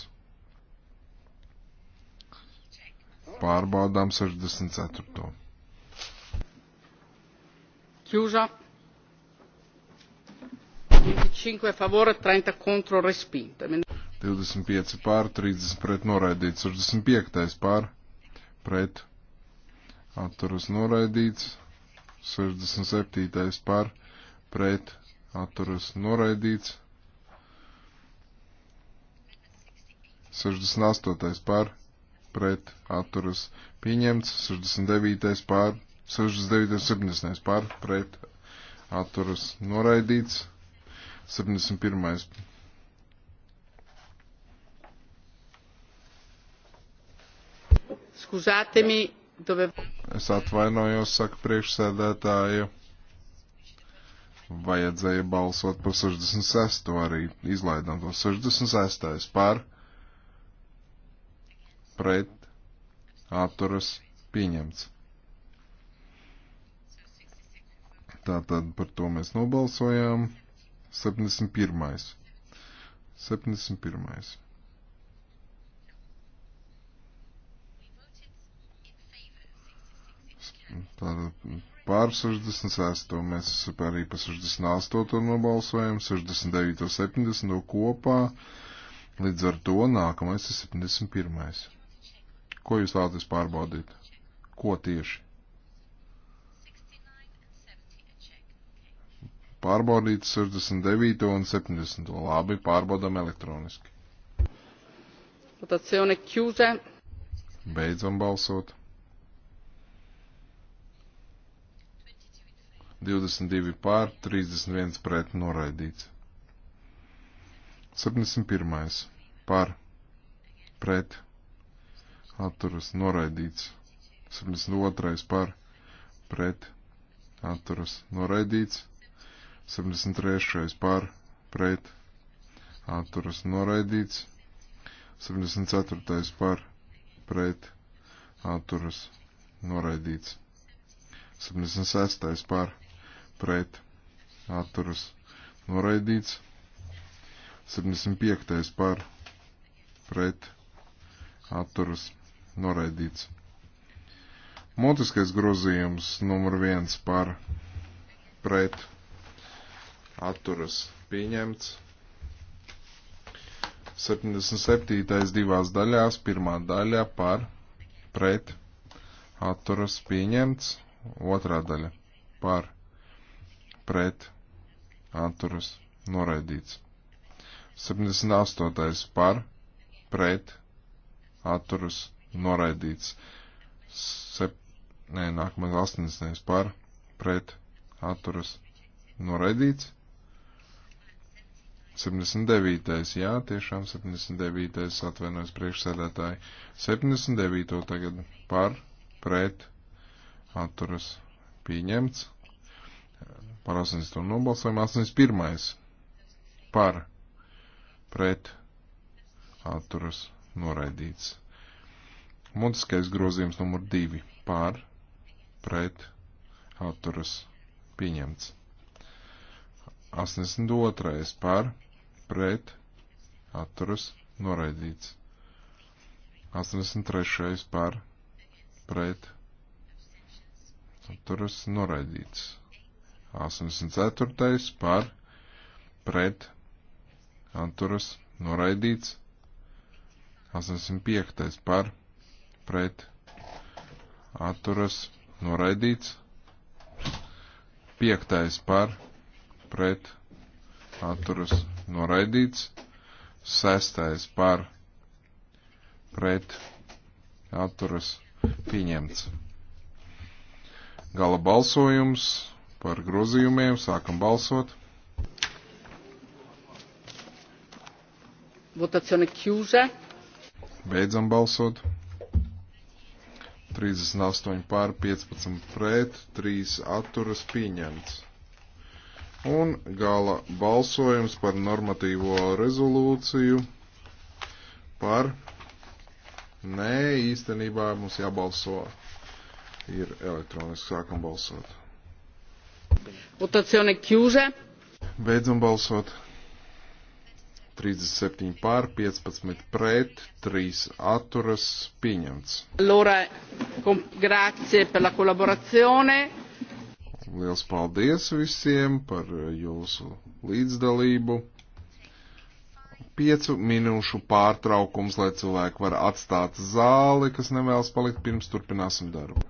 Pārbaudām 64. Chiusa. 25 a favore, 30 contro, respinta. 25 pār, 30 pret noraidīts, 65 pār, pret atturas noraidīts, 67 pār, pret atturas noraidīts, 68 pār, pret atturas pieņemts, 69 pār, 69, 70 pār, pret atturas noraidīts, 71 Skuzātemi, dove... Es atvainojos, saka priekšsēdētāja. Vajadzēja balsot par 66. arī izlaidām to 66. par pret atturas pieņemts. Tātad par to mēs nobalsojām. 71. 71. pār 66. Mēs arī par 68. nobalsojam, 69. 70. kopā. Līdz ar to nākamais ir 71. Ko jūs vēlaties pārbaudīt? Ko tieši? Pārbaudīt 69. un 70. Labi, pārbaudam elektroniski. Votazione chiusa. Beidzam balsot. 22 pār, 31 pret noraidīts. 71. Par, pret, atturas noraidīts. 72. Par, pret, atturas noraidīts. 73. Par, pret, atturas noraidīts. 74. Par, pret, atturas noraidīts. 76. Par, pret atturas noraidīts. 75. par pret atturas noraidīts. Motiskais grozījums numur 1 par pret atturas pieņemts. 77. divās daļās, pirmā daļa par pret atturas pieņemts, otrā daļa par pret atturas noraidīts. 78. par pret atturas noraidīts. Sep... Nē, nākamais 80. par pret atturas noraidīts. 79. jā, tiešām 79. atvainojas priekšsēdētāji. 79. tagad par pret atturas pieņemts. Par 80. nobalsojam 81. par pret atturas noraidīts. Mutiskais grozījums numur 2 par pret atturas pieņemts. 82. par pret atturas noraidīts. 83. par pret atturas noraidīts. 84. par pret atturas noraidīts. 85. par pret atturas noraidīts. 5. par pret atturas noraidīts. 6. par pret atturas pieņemts. Gala balsojums par grozījumiem. Sākam balsot. Votazione chiusa. Beidzam balsot. 38 pār 15 pret, 3 atturas pieņemts. Un gala balsojums par normatīvo rezolūciju par nē, īstenībā mums jābalso ir elektroniski sākam balsot. Votazione chiusa. Beidzam balsot. 37 pār, 15 pret, 3 atturas pieņemts. Allora, grazie per la collaborazione. Liels paldies visiem par jūsu līdzdalību. 5 minūšu pārtraukums, lai cilvēki var atstāt zāli, kas nevēlas palikt pirms turpināsim darbu.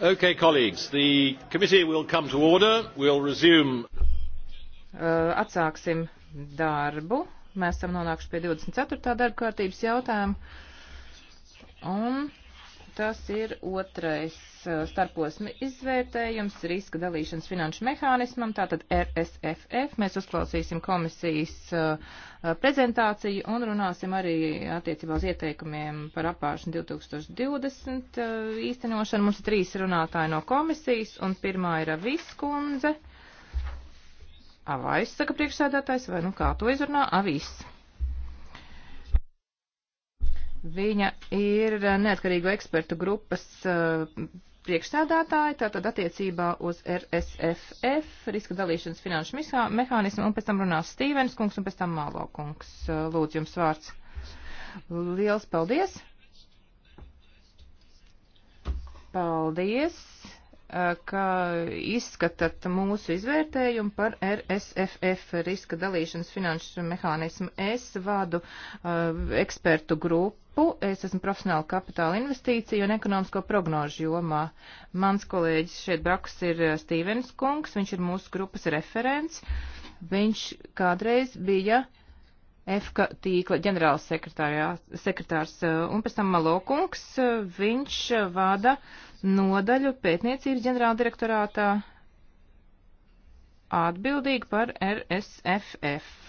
Okay, colleagues, the committee will come to order. We'll resume. Uh, atsāksim darbu. Mēs esam nonākuši pie 24. darba kārtības jautājuma. Un tas ir otrais Eh, starposmi izvērtējums riska dalīšanas finanšu mehānismam, tātad RSFF. Mēs uzklausīsim komisijas eh, prezentāciju un runāsim arī attiecībā uz ieteikumiem par apāršanu 2020 eh, īstenošanu. Mums ir trīs runātāji no komisijas un pirmā ir Aviskundze. Avais, saka priekšsēdētājs, vai nu kā to izrunā? Avis. Viņa ir neatkarīgu ekspertu grupas uh, priekšstādātāji, tātad attiecībā uz RSFF, riska dalīšanas finanšu mehānismu, un pēc tam runās Stīvens kungs un pēc tam Mālo kungs. Lūdzu, jums vārds. Liels paldies! Paldies ka izskatat mūsu izvērtējumu par RSFF riska dalīšanas finanšu mehānismu. Es vadu uh, ekspertu grupu, es esmu profesionāla kapitāla investīcija un ekonomisko prognožu jomā. Mans kolēģis šeit brakus ir uh, Stīvens Kungs, viņš ir mūsu grupas referents. Viņš kādreiz bija EFKA tīkla ģenerālsekretārs eh, un pēc tam Malokungs, eh, viņš eh, vada nodaļu pētniecības ģenerāldirektorātā atbildīgi par RSFF.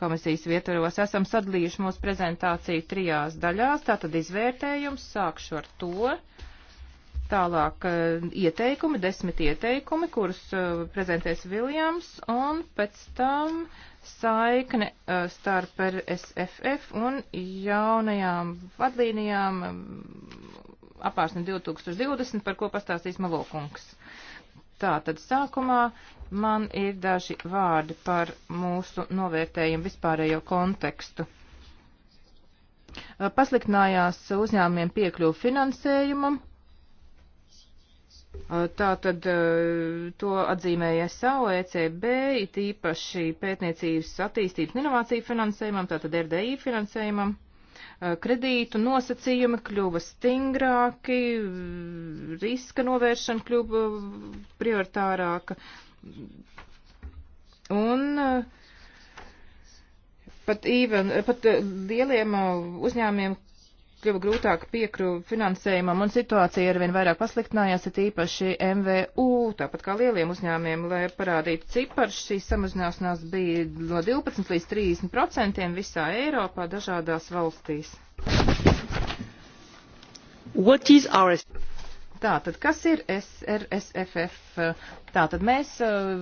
Komisijas vietvaros esam sadalījuši mūsu prezentāciju trijās daļās, tātad izvērtējums, sākšu ar to. Tālāk ieteikumi, desmit ieteikumi, kurus prezentēs Viljams, un pēc tam uh, saikne eh, starp SFF un jaunajām vadlīnijām eh, apārsni 2020, par ko pastāstīs Malokungs. Tātad sākumā man ir daži vārdi par mūsu novērtējumu vispārējo kontekstu. Eh, pasliktinājās uzņēmumiem piekļuvu finansējumam, Eh, tā tad eh, to atzīmēja SAO, ECB, it īpaši pētniecības attīstības un inovāciju finansējumam, tātad RDI finansējumam. Eh, kredītu nosacījumi kļuva stingrāki, riska novēršana kļuva prioritārāka. Un pat, even, pat lieliem uzņēmiem kļuva grūtāk piekļuvi finansējumam un situācija arvien vairāk pasliktinājās, ir īpaši MVU, tāpat kā lieliem uzņēmiem, lai parādītu ciparus, šī samazināšanās bija no 12 līdz 30 procentiem visā Eiropā dažādās valstīs. What is our Tātad, kas ir SRSFF? Tātad mēs uh,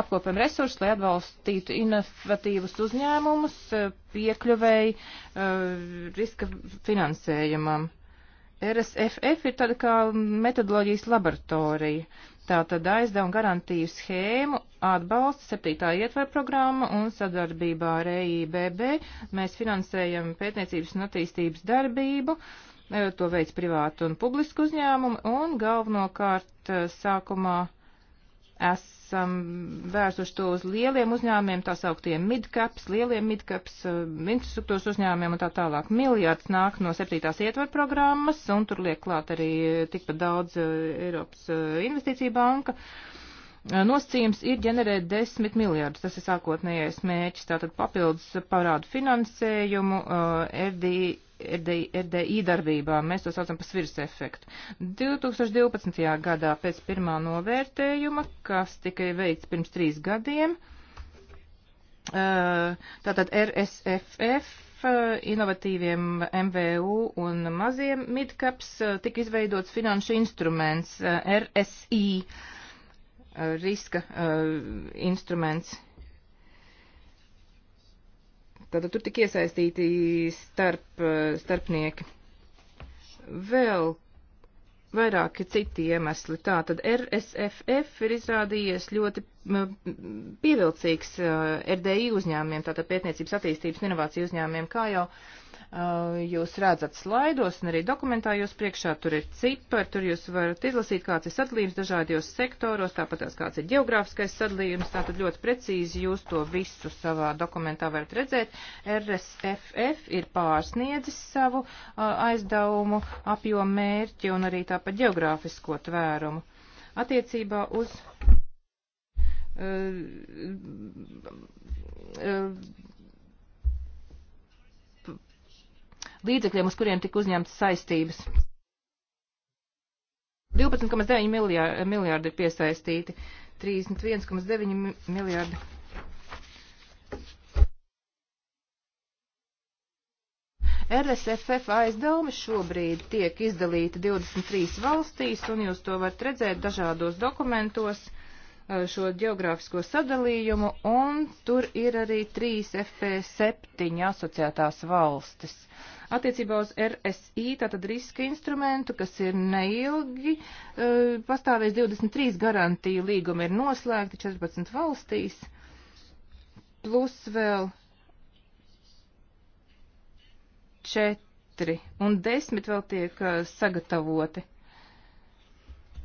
apkopam resursus, lai atbalstītu inovatīvus uzņēmumus, uh, piekļuvēji uh, riska finansējumam. RSFF ir tāda kā metodoloģijas laboratorija. Tātad aizdevuma garantiju schēmu atbalsta septītā ietver programma un sadarbībā ar EIBB mēs finansējam pētniecības un attīstības darbību. Uh, Eh, to veids privātu un publisku uzņēmumu, un galvenokārt eh, sākumā esam vērsuši to uz lieliem uzņēmumiem, tā sauktiem midcaps, lieliem midcaps, eh, infrastruktūras uzņēmumiem un tā tālāk. Miljards nāk no septītās ietvaru programmas, un tur liek klāt arī tikpat daudz Eiropas investīcija banka. Nosacījums ir ģenerēt 10 miljārdus, tas ir sākotnējais mērķis, tātad papildus parādu finansējumu, FDI RDI darbībām. Mēs to saucam par svirs efektu. 2012. gadā pēc pirmā novērtējuma, kas tika veikts pirms trīs gadiem, tātad RSFF inovatīviem MVU un maziem midcaps tika izveidots finanšu instruments RSI riska instruments Tātad tur tik iesaistīti starp, eh, starpnieki. Vēl vairāki citi iemesli. Tātad RSFF ir izrādījies ļoti pievilcīgs eh, RDI uzņēmumiem, tātad pētniecības attīstības un inovāciju uzņēmumiem, kā jau uh, Uh, jūs redzat slaidos un arī dokumentā jūs priekšā tur ir cipari, tur jūs varat izlasīt, kāds ir sadalījums dažādos sektoros, tāpat tās kāds ir geogrāfiskais sadalījums, tātad ļoti precīzi jūs to visu savā dokumentā varat redzēt. RSFF ir pārsniedzis savu uh, aizdevumu apjomu mērķi un arī tāpat geogrāfisko tvērumu. Attiecībā uz Uh, uh, līdzekļiem, uz kuriem tika uzņemtas saistības. 12,9 miljārdi, miljārdi ir piesaistīti, 31,9 miljārdi. RSFF aizdevumi šobrīd tiek izdalīti 23 valstīs, un jūs to varat redzēt dažādos dokumentos. Uh, Uh, šo geogrāfisko sadalījumu, un tur ir arī trīs FP7 asociētās valstis. Attiecībā uz RSI, tātad riska instrumentu, kas ir neilgi, uh, pastāvēs 23 garantiju līgumi ir noslēgti 14 valstīs, plus vēl 4 un 10 vēl tiek uh, sagatavoti.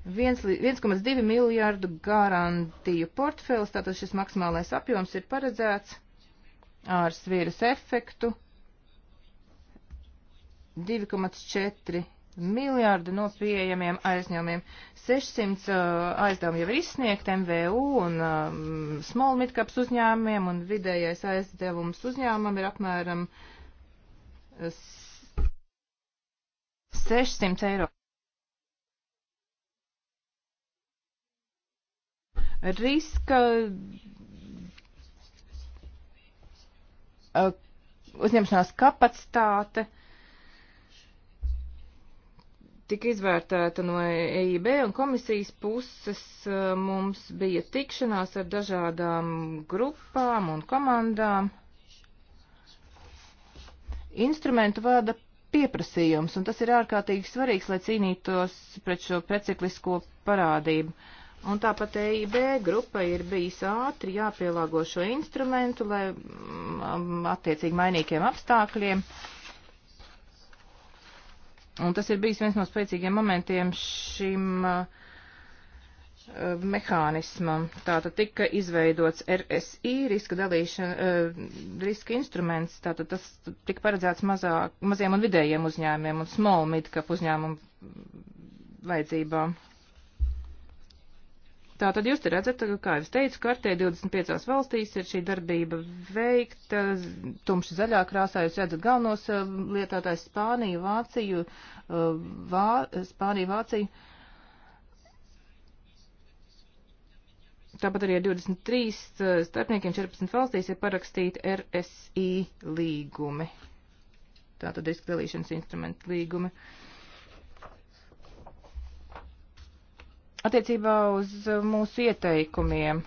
1,2 miljārdu garantiju portfels, tātad šis maksimālais apjoms ir paredzēts ar svīras efektu 2,4 miljārdi no pieejamiem aizņēmumiem. 600 uh, aizdevumi jau ir izsniegt MVU un um, small midcaps uzņēmumiem, un vidējais aizdevums uzņēmumam ir apmēram 600 uh, eiro. riska eh, uzņemšanās kapacitāte tika izvērtēta no EIB un komisijas puses. Eh, mums bija tikšanās ar dažādām grupām un komandām. Instrumentu vada pieprasījums, un tas ir ārkārtīgi svarīgs, lai cīnītos pret šo preciklisko parādību. Uh, Un tāpat EIB grupa ir bijis ātri jāpielāgo šo instrumentu, lai mm, attiecīgi mainīgiem apstākļiem. Un tas ir bijis viens no spēcīgiem momentiem šim uh, mehānismam. Tātad tika izveidots RSI riska dalīšana, uh, riska instruments, tātad tas tika paredzēts mazāk, maziem un vidējiem uzņēmiem un small mid-cap uzņēmumu vajadzībām. Uh, Tātad jūs te redzat, kā jau es teicu, kartē 25 valstīs ir šī darbība veikta, tumši zaļā krāsā jūs redzat galvenos eh, lietotājs Spāniju, Vāciju, eh, Vā, Spāniju, Vāciju. Tāpat arī ar 23 eh, starpniekiem 14 valstīs ir parakstīti RSI līgumi. Tātad riska dalīšanas instrumentu līgumi. Uh, Attiecībā uz uh, mūsu ieteikumiem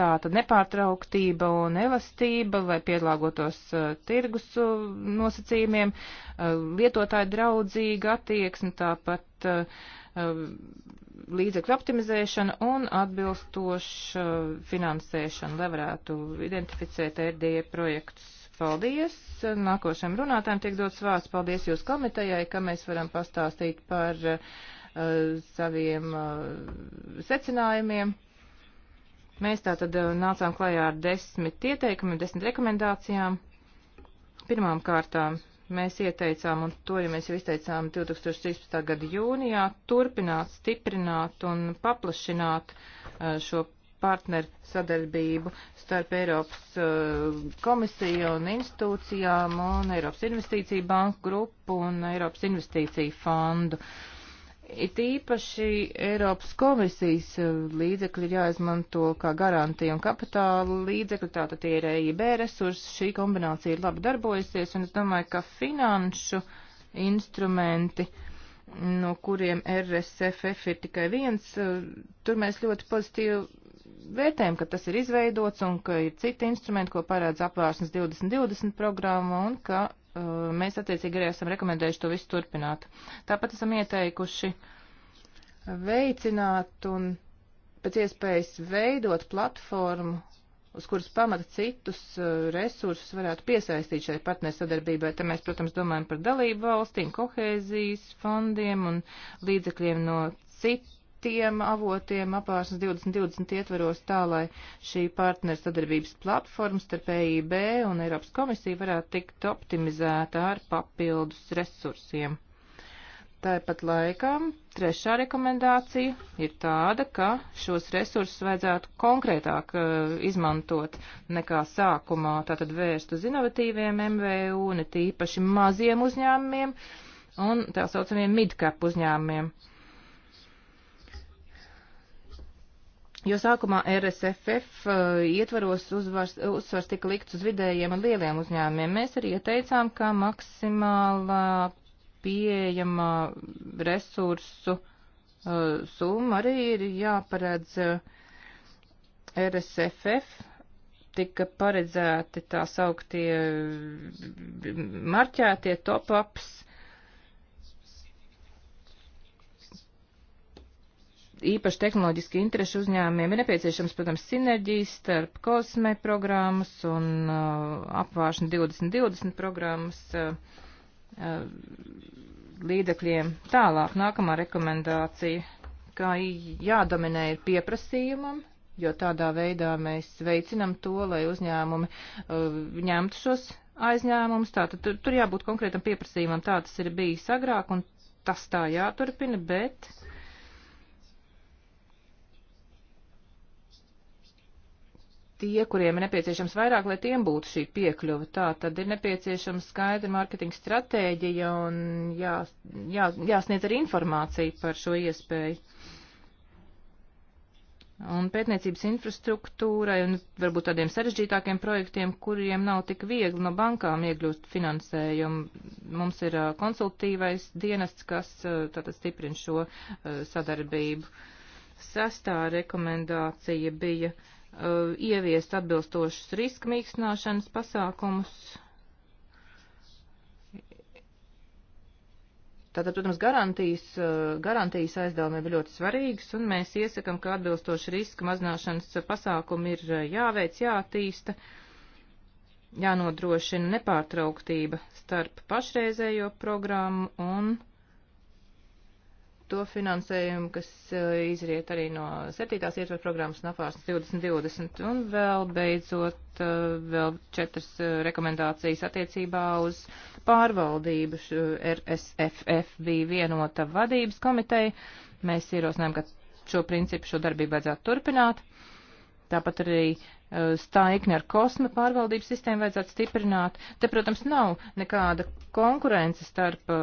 tā tad nepārtrauktība un elastība, lai pielāgotos uh, tirgus uh, nosacījumiem, uh, lietotāja draudzīga attieksme, tāpat uh, uh, līdzekļu optimizēšana un atbilstoša uh, finansēšana, lai varētu identificēt RDE projektus. Paldies! Nākošajam runātājam tiek dots vārds. Paldies jūs komitejai, ka mēs varam pastāstīt par uh, Eh, saviem eh, secinājumiem. Mēs tā tad eh, nācām klajā ar desmit ieteikumiem, desmit rekomendācijām. Pirmām kārtām mēs ieteicām, un to jau mēs jau izteicām 2013. gada jūnijā, turpināt, stiprināt un paplašināt šo partneru sadarbību starp Eiropas komisiju un institūcijām un Eiropas investīciju banku grupu un Eiropas investīciju fondu. Uh, It īpaši Eiropas komisijas eh, līdzekļi ir jāizmanto kā garantija un kapitāla līdzekļi, tātad tie ir EIB resursi, šī kombinācija ir labi darbojusies, un es domāju, ka finanšu instrumenti, no kuriem RSFF ir tikai viens, eh, tur mēs ļoti pozitīvi vērtējam, ka tas ir izveidots un ka ir citi instrumenti, ko parādz apvārsnes 2020 programma un ka Eh, mēs attiecīgi arī esam rekomendējuši to visu turpināt. Tāpat esam ieteikuši veicināt un pēc iespējas veidot platformu, uz kuras pamata citus eh, resursus varētu piesaistīt šai partnersadarbībai. Te mēs, protams, domājam par dalību valstīm, kohēzijas fondiem un līdzekļiem no citu citiem avotiem apvārsnes 2020 ietveros tā, lai šī partneru sadarbības platforma starp EIB un Eiropas komisiju varētu tikt optimizēta ar papildus resursiem. Tāpat laikā trešā rekomendācija ir tāda, ka šos resursus vajadzētu konkrētāk uh, izmantot nekā sākumā, tātad vērst uz inovatīviem MVU, ne tīpaši maziem uzņēmumiem un tā saucamiem midcap uzņēmumiem. Uh, Jo sākumā RSFF uh, ietvaros uzvars, uzsvars tika likts uz vidējiem un lieliem uzņēmumiem. Mēs arī ieteicām, ka maksimālā pieejama resursu uh, summa arī ir jāparedz uh, RSFF. Tika paredzēti tā sauktie marķētie top-ups īpaši tehnoloģiski interešu uzņēmumiem ir nepieciešams, protams, sinerģijas starp kosmē programmas un uh, apvāršana 2020 programmas uh, uh, līdzekļiem. Tālāk, nākamā rekomendācija, kā jādominē ir pieprasījumam, jo tādā veidā mēs veicinam to, lai uzņēmumi uh, ņemtu šos aizņēmumus. Tātad tur, tur jābūt konkrētam pieprasījumam, tā tas ir bijis agrāk un tas tā jāturpina, bet. Uh, tie, kuriem ir nepieciešams vairāk, lai tiem būtu šī piekļuva. Tā tad ir nepieciešama skaidra mārketinga stratēģija un jā, jā, jāsniedz arī informācija par šo iespēju. Un pētniecības infrastruktūrai un varbūt tādiem sarežģītākiem projektiem, kuriem nav tik viegli no bankām iegļūst finansējumu. Mums ir konsultīvais dienests, kas tātad stiprina šo sadarbību. Sestā rekomendācija bija uh, Uh, ieviest atbilstošus riska mīkstināšanas pasākumus. Tātad, protams, garantijas, uh, garantijas aizdevumi ir ļoti svarīgas, un mēs iesakam, ka atbilstoši riska mazināšanas pasākumi ir uh, jāveic, jātīsta, jānodrošina nepārtrauktība starp pašreizējo programmu un to finansējumu, kas eh, izriet arī no 7. ietvaru programmas NAFAS 2020. Un vēl beidzot, eh, vēl četras eh, rekomendācijas attiecībā uz pārvaldību. RSFF bija vienota vadības komiteja. Mēs ierosinājām, ka šo principu, šo darbību vajadzētu turpināt. Tāpat arī uh, Eh, staikni ar kosma pārvaldības sistēmu vajadzētu stiprināt. Te, protams, nav nekāda konkurence starp eh,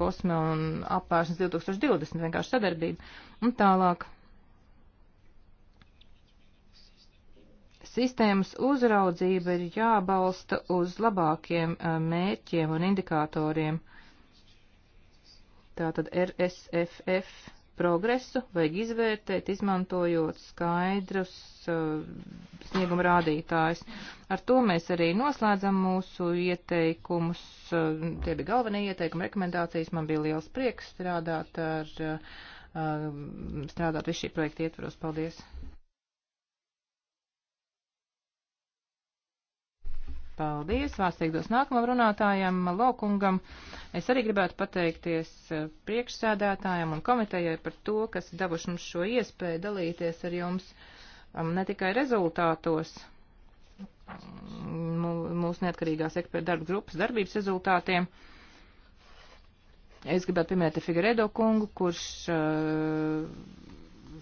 kosma un apvēršanas 2020, vienkārši sadarbība. Un tālāk. Sistēmas uzraudzība ir jābalsta uz labākiem eh, mērķiem un indikatoriem. Tātad RSFF progresu vajag izvērtēt, izmantojot skaidrus uh, snieguma rādītājus. Ar to mēs arī noslēdzam mūsu ieteikumus. Uh, tie bija galvenie ieteikumi, rekomendācijas. Man bija liels prieks strādāt ar, uh, um, strādāt visu šī projekta ietvaros. Paldies! Paldies! Vārds tiek dos nākamam runātājam, Lokungam. Es arī gribētu pateikties eh, priekšsēdētājam un komitejai par to, kas devuši mums šo iespēju dalīties ar jums um, ne tikai rezultātos, mm, mūsu neatkarīgās eksperta darba grupas darbības rezultātiem. Es gribētu pieminēt Figueredo kungu, kurš uh,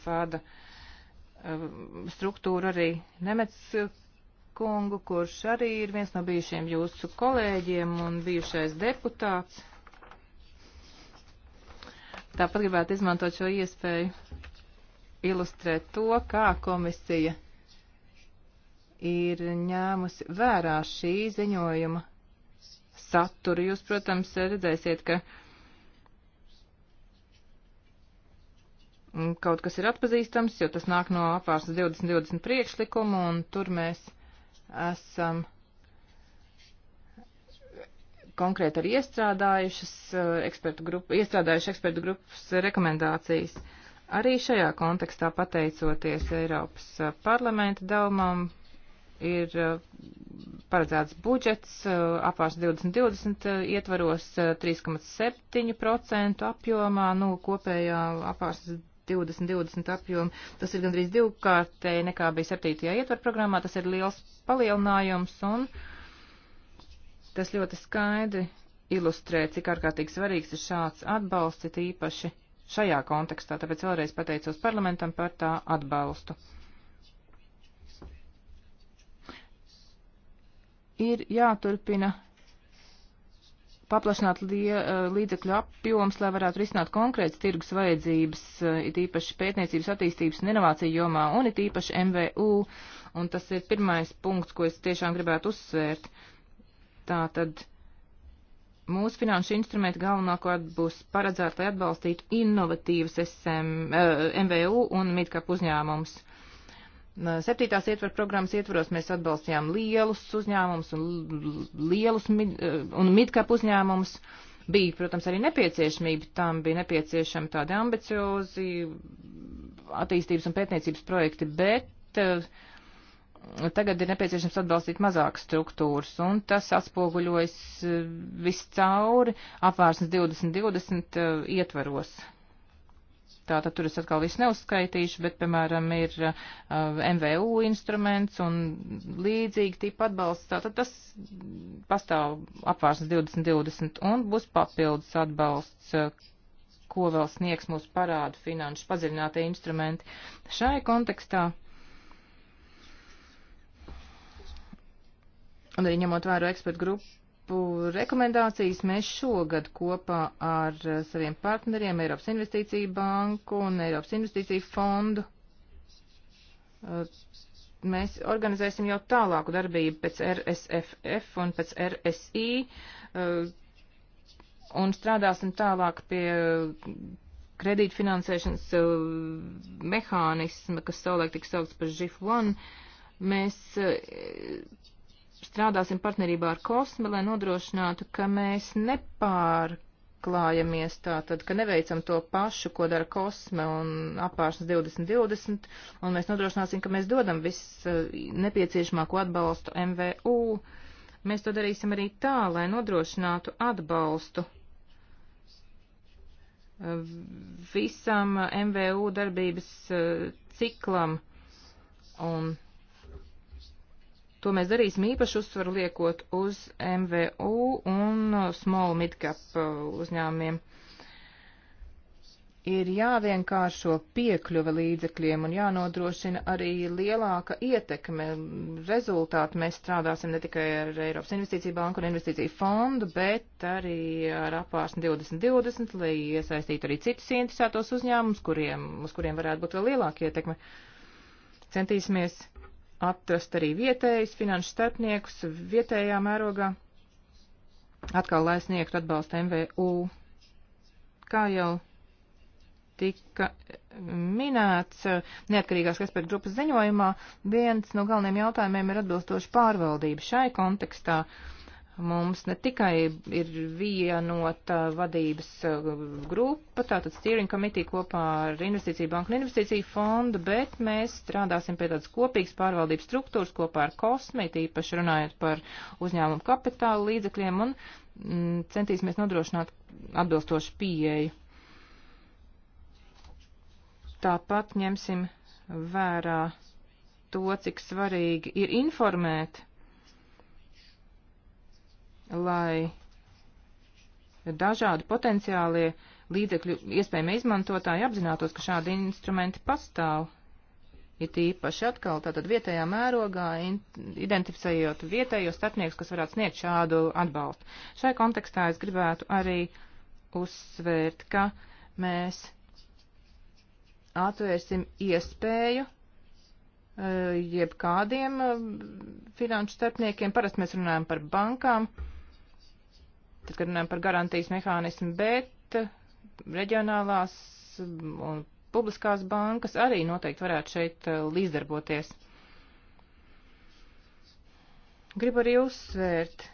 vada uh, struktūru arī Nemets kungu, kurš arī ir viens no bijušiem jūsu kolēģiem un bijušais deputāts. Tāpat gribētu izmantot šo iespēju ilustrēt to, kā komisija ir ņēmusi vērā šī ziņojuma saturu. Jūs, protams, redzēsiet, ka kaut kas ir atpazīstams, jo tas nāk no apvārsnes 2020 priekšlikuma, un tur mēs esam konkrēti arī iestrādājušas eh, ekspertu grupu, iestrādājuši ekspertu grupas rekomendācijas. Arī šajā kontekstā pateicoties Eiropas eh, parlamenta daumam ir eh, paredzēts budžets apvārs 2020 ietvaros 3,7% apjomā no nu, kopējā apvārs 2020 apjomu. Tas ir gandrīz divkārtēji nekā bija 7. ietvaru programmā. Tas ir liels palielinājums un tas ļoti skaidri ilustrē, cik ārkārtīgi svarīgs ir šāds atbalsts, it īpaši šajā kontekstā. Tāpēc vēlreiz pateicos parlamentam par tā atbalstu. Ir jāturpina paplašināt eh, līdzekļu apjoms, lai varētu risināt konkrētas tirgus vajadzības, eh, it īpaši pētniecības attīstības un inovāciju jomā, un it īpaši MVU, un tas ir pirmais punkts, ko es tiešām gribētu uzsvērt. Tā tad mūsu finanšu instrumenti galvenokārt būs paredzēti, lai atbalstītu innovatīvas SM, eh, MVU un midkap uzņēmumus. Uh, Septītās ietvaru programmas ietvaros mēs atbalstījām lielus uzņēmumus un lielus mid, eh, un midcap uzņēmumus. Bija, protams, arī nepieciešamība, tam bija nepieciešami tādi ambiciozi attīstības un pētniecības projekti, bet uh, tagad ir nepieciešams atbalstīt mazākas struktūras, un tas atspoguļojas eh, viscauri apvārsnes 2020 ietvaros. Tātad tur es atkal visu neuzskaitīšu, bet, piemēram, ir uh, MVU instruments un līdzīgi tipa atbalsts. Tātad tas pastāv apvārsnes 2020 un būs papildus atbalsts, uh, ko vēl sniegs mūsu parādu finanšu padziļinātie instrumenti. Šai kontekstā. Un arī ņemot vērā ekspertu grupu rekomendācijas mēs šogad kopā ar eh, saviem partneriem Eiropas Investīciju banku un Eiropas Investīciju fondu eh, mēs organizēsim jau tālāku darbību pēc RSFF un pēc RSI eh, un strādāsim tālāk pie kredītfinansēšanas mehānisma, kas savulaik tika saukts par GIF1. Mēs strādāsim partnerībā ar kosmi, lai nodrošinātu, ka mēs nepārklājamies tātad, ka neveicam to pašu, ko dara kosme un apāršanas 2020, un mēs nodrošināsim, ka mēs dodam viss eh, nepieciešamāko atbalstu MVU. Mēs to darīsim arī tā, lai nodrošinātu atbalstu eh, visam MVU darbības eh, ciklam un To mēs darīsim īpaši uzsvaru liekot uz MVU un small midcap uh, uzņēmumiem. Ir jāvienkāršo piekļuve līdzekļiem un jānodrošina arī lielāka ietekme. Rezultāti mēs strādāsim ne tikai ar Eiropas investīciju banku un investīciju fondu, bet arī ar apvārsni 2020, lai iesaistītu arī citus interesētos uzņēmumus, kuriem, uz kuriem varētu būt vēl lielāka ietekme. Centīsimies uh, atrast arī vietējus finanšu starpniekus vietējā mērogā. Atkal, lai sniegtu atbalstu MVU, kā jau tika eh, minēts eh, neatkarīgās ekspertu grupas ziņojumā, viens no galvenajiem jautājumiem ir atbilstoši pārvaldība. Šai kontekstā uh, Mums ne tikai ir vienota vadības uh, grupa, tātad steering committee kopā ar Investīciju banku un Investīciju fondu, bet mēs strādāsim pie tādas kopīgas pārvaldības struktūras kopā ar kosmē, īpaši runājot par uzņēmumu kapitālu līdzekļiem un m, mm, centīsimies nodrošināt atbilstošu pieeju. Tāpat ņemsim vērā to, cik svarīgi ir informēt lai dažādi potenciālie līdzekļu iespējami izmantotāji apzinātos, ka šādi instrumenti pastāv. Ir tīpaši atkal tātad vietējā mērogā identificējot vietējos starpniekus, kas varētu sniegt šādu atbalstu. Šai kontekstā es gribētu arī uzsvērt, ka mēs atvērsim iespēju eh, jebkādiem eh, finanšu starpniekiem. Parasti mēs runājam par bankām. Uh, tad, kad runājam par garantijas mehānismu, bet reģionālās mm, un publiskās bankas arī noteikti varētu šeit eh, līdzdarboties. Gribu arī uzsvērt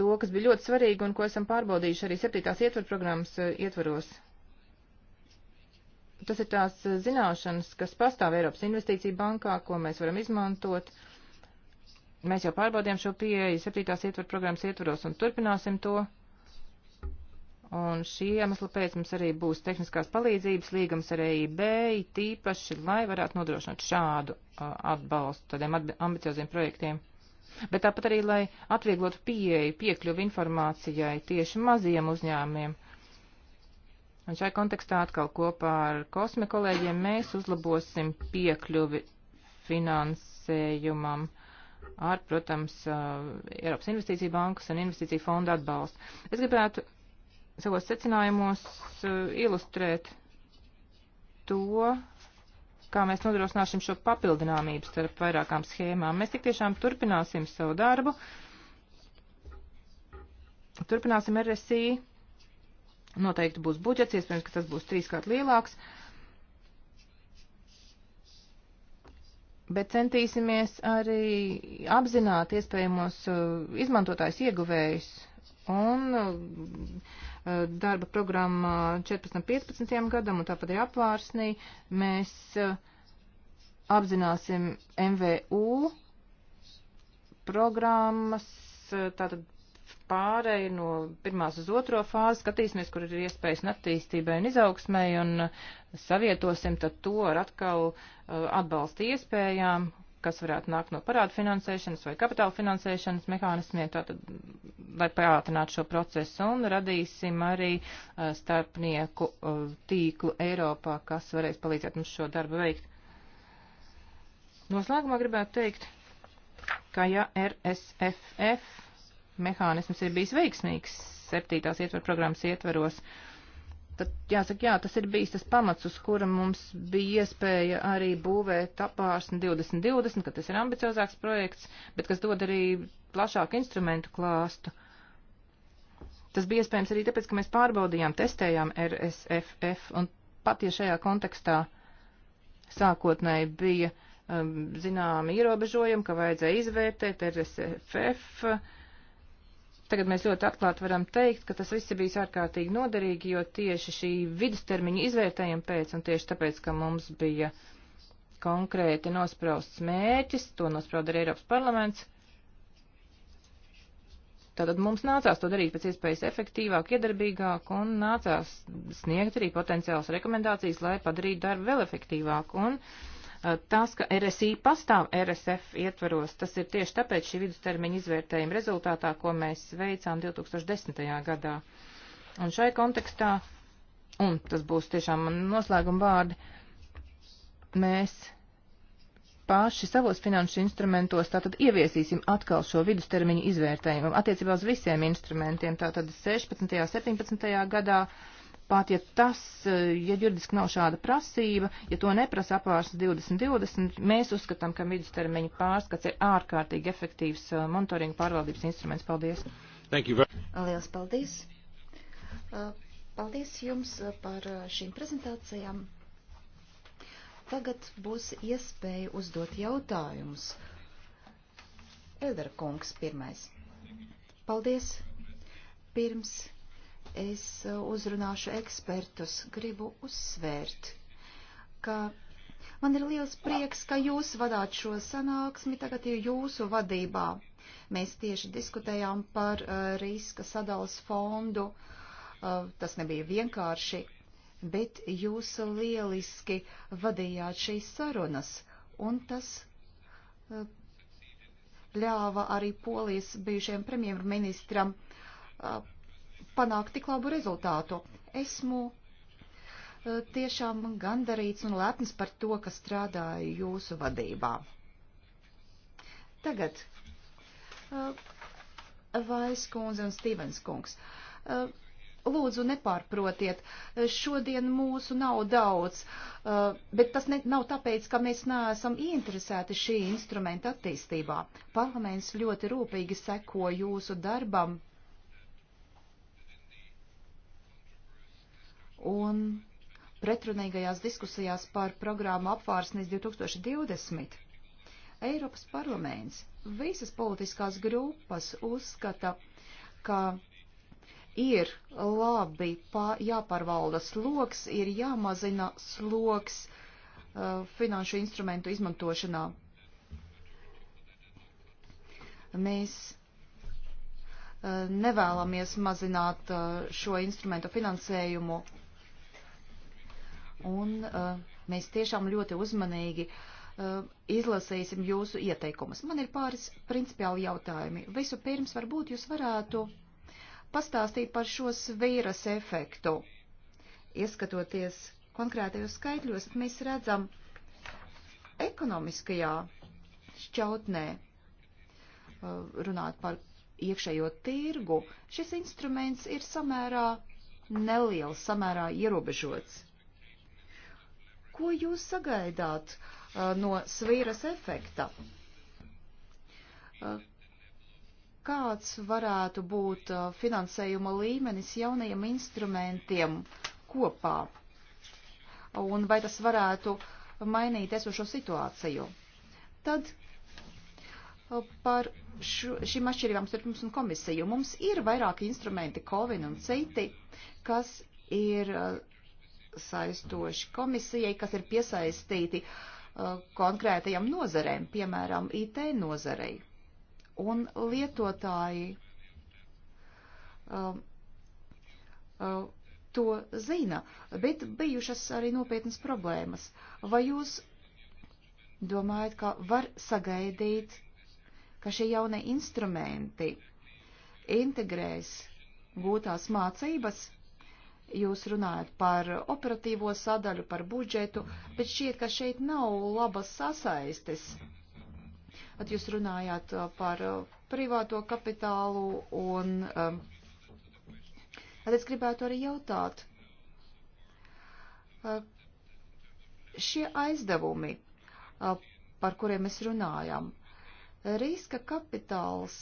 to, kas bija ļoti svarīgi un ko esam pārbaudījuši arī septītās ietvaru programmas eh, ietvaros. Tas ir tās eh, zināšanas, kas pastāv Eiropas investīcija bankā, ko mēs varam izmantot. Uh, Mēs jau pārbaudījām šo pieeju septītās ietvaru programmas ietvaros un turpināsim to. Un šī iemesla pēc mums arī būs tehniskās palīdzības līgums ar EIB, tīpaši, lai varētu nodrošināt šādu uh, atbalstu tādiem ambicioziem projektiem. Bet tāpat arī, lai atvieglotu pieeju, piekļuvu informācijai tieši maziem uzņēmumiem. Un šai kontekstā atkal kopā ar kosme kolēģiem mēs uzlabosim piekļuvi finansējumam. Uh, ar, protams, Eiropas Investīcija bankas un Investīcija fonda atbalstu. Es gribētu savos secinājumos ilustrēt to, kā mēs nodrošināsim šo papildināmību starp vairākām schēmām. Mēs tik tiešām turpināsim savu darbu, turpināsim RSI, noteikti būs budžets, iespējams, ka tas būs trīskārt lielāks. Uh, bet centīsimies arī apzināt iespējamos uh, izmantotājs ieguvējus. Un uh, uh, darba programmā 14.15. gadam un tāpat arī apvārsnī mēs apzināsim MVU programmas, tātad pāreju no pirmās uz otro fāzi, skatīsimies, kur ir iespējas attīstībai un izaugsmai, un uh, savietosim tad to ar atkal uh, atbalsta iespējām, kas varētu nākt no parādu finansēšanas vai kapitāla finansēšanas mehānismiem, tātad, lai pātrinātu šo procesu un radīsim arī uh, starpnieku uh, tīklu Eiropā, kas varēs palīdzēt mums šo darbu veikt. Noslēgumā gribētu teikt, ka ja RSFF mehānisms ir bijis veiksmīgs septītās ietver programmas ietveros. Tad jāsaka, jā, tas ir bijis tas pamats, uz kura mums bija iespēja arī būvēt apārsni 2020, ka tas ir ambiciozāks projekts, bet kas dod arī plašāku instrumentu klāstu. Tas bija iespējams arī tāpēc, ka mēs pārbaudījām, testējām RSFF, un pat ja šajā kontekstā sākotnēji bija um, zināmi ierobežojumi, ka vajadzēja izvērtēt RSFF, uh, Tagad mēs ļoti atklāti varam teikt, ka tas viss ir bijis ārkārtīgi noderīgi, jo tieši šī vidustermiņa izvērtējuma pēc un tieši tāpēc, ka mums bija konkrēti nosprausts mērķis, to nosprauda arī Eiropas parlaments. Tātad mums nācās to darīt pēc iespējas efektīvāk, iedarbīgāk un nācās sniegt arī potenciālas rekomendācijas, lai padarītu darbu vēl efektīvāku. Un uh, Tas, ka RSI pastāv RSF ietvaros, tas ir tieši tāpēc šī vidustermiņa izvērtējuma rezultātā, ko mēs veicām 2010. gadā. Un šai kontekstā, un tas būs tiešām noslēguma vārdi, mēs paši savos finanšu instrumentos tātad ieviesīsim atkal šo vidustermiņu izvērtējumu attiecībā uz visiem instrumentiem. Tātad 16. un 17. gadā pat ja tas, ja juridiski nav šāda prasība, ja to neprasa apvārs 2020, mēs uzskatām, ka vidustermiņa pārskats ir ārkārtīgi efektīvs eh, monitoringa pārvaldības instruments. Paldies! Lielas paldies! Eh, paldies jums eh, par šīm prezentācijām. Tagad būs iespēja uzdot jautājumus. Eldara kungs pirmais. Paldies! Pirms es eh, uzrunāšu ekspertus. Gribu uzsvērt, ka man ir liels prieks, ka jūs vadāt šo sanāksmi, tagad ir jūsu vadībā. Mēs tieši diskutējām par uh, riska sadalas fondu. Uh, tas nebija vienkārši, bet jūs lieliski vadījāt šīs sarunas, un tas uh, ļāva arī polijas bijušajam premjerministram uh, panākt tik labu rezultātu. Esmu eh, tiešām gandarīts un lepns par to, ka strādāju jūsu vadībā. Tagad eh, Vais kundze un Stīvens kungs. Eh, lūdzu, nepārprotiet, šodien mūsu nav daudz, bet tas ne, nav tāpēc, ka mēs neesam ieinteresēti šī instrumenta attīstībā. Parlaments ļoti rūpīgi seko jūsu darbam un pretrunīgajās diskusijās par programmu apvārsnes 2020. Eiropas parlaments visas politiskās grupas uzskata, ka ir labi pā, jāpārvalda sloks, ir jāmazina sloks uh, finanšu instrumentu izmantošanā. Mēs uh, nevēlamies mazināt uh, šo instrumentu finansējumu un uh, mēs tiešām ļoti uzmanīgi uh, izlasīsim jūsu ieteikumus. Man ir pāris principiāli jautājumi. Visu pirms varbūt jūs varētu pastāstīt par šo svīras efektu. Ieskatoties konkrētajos skaitļos, mēs redzam ekonomiskajā šķautnē uh, runāt par iekšējo tirgu, šis instruments ir samērā neliels, samērā ierobežots. Ko jūs sagaidāt uh, no svīras efekta? Uh, kāds varētu būt uh, finansējuma līmenis jaunajiem instrumentiem kopā? Un vai tas varētu mainīt esošo situāciju? Tad uh, par šu, šīm atšķirībām starp mums un komisiju. Mums ir vairāki instrumenti, Kovin un citi, kas ir uh, saistoši komisijai, kas ir piesaistīti uh, konkrētajam nozarēm, piemēram, IT nozarei. Un lietotāji um, um, to zina, bet bijušas arī nopietnas problēmas. Vai jūs domājat, ka var sagaidīt, ka šie jaunie instrumenti integrēs gūtās mācības Jūs runājat par operatīvo sadaļu, par budžetu, bet šķiet, ka šeit nav labas sasaistes. At jūs runājāt uh, par uh, privāto kapitālu un. Um, tad es gribētu arī jautāt, uh, šie aizdevumi, par kuriem mēs runājam, riska kapitāls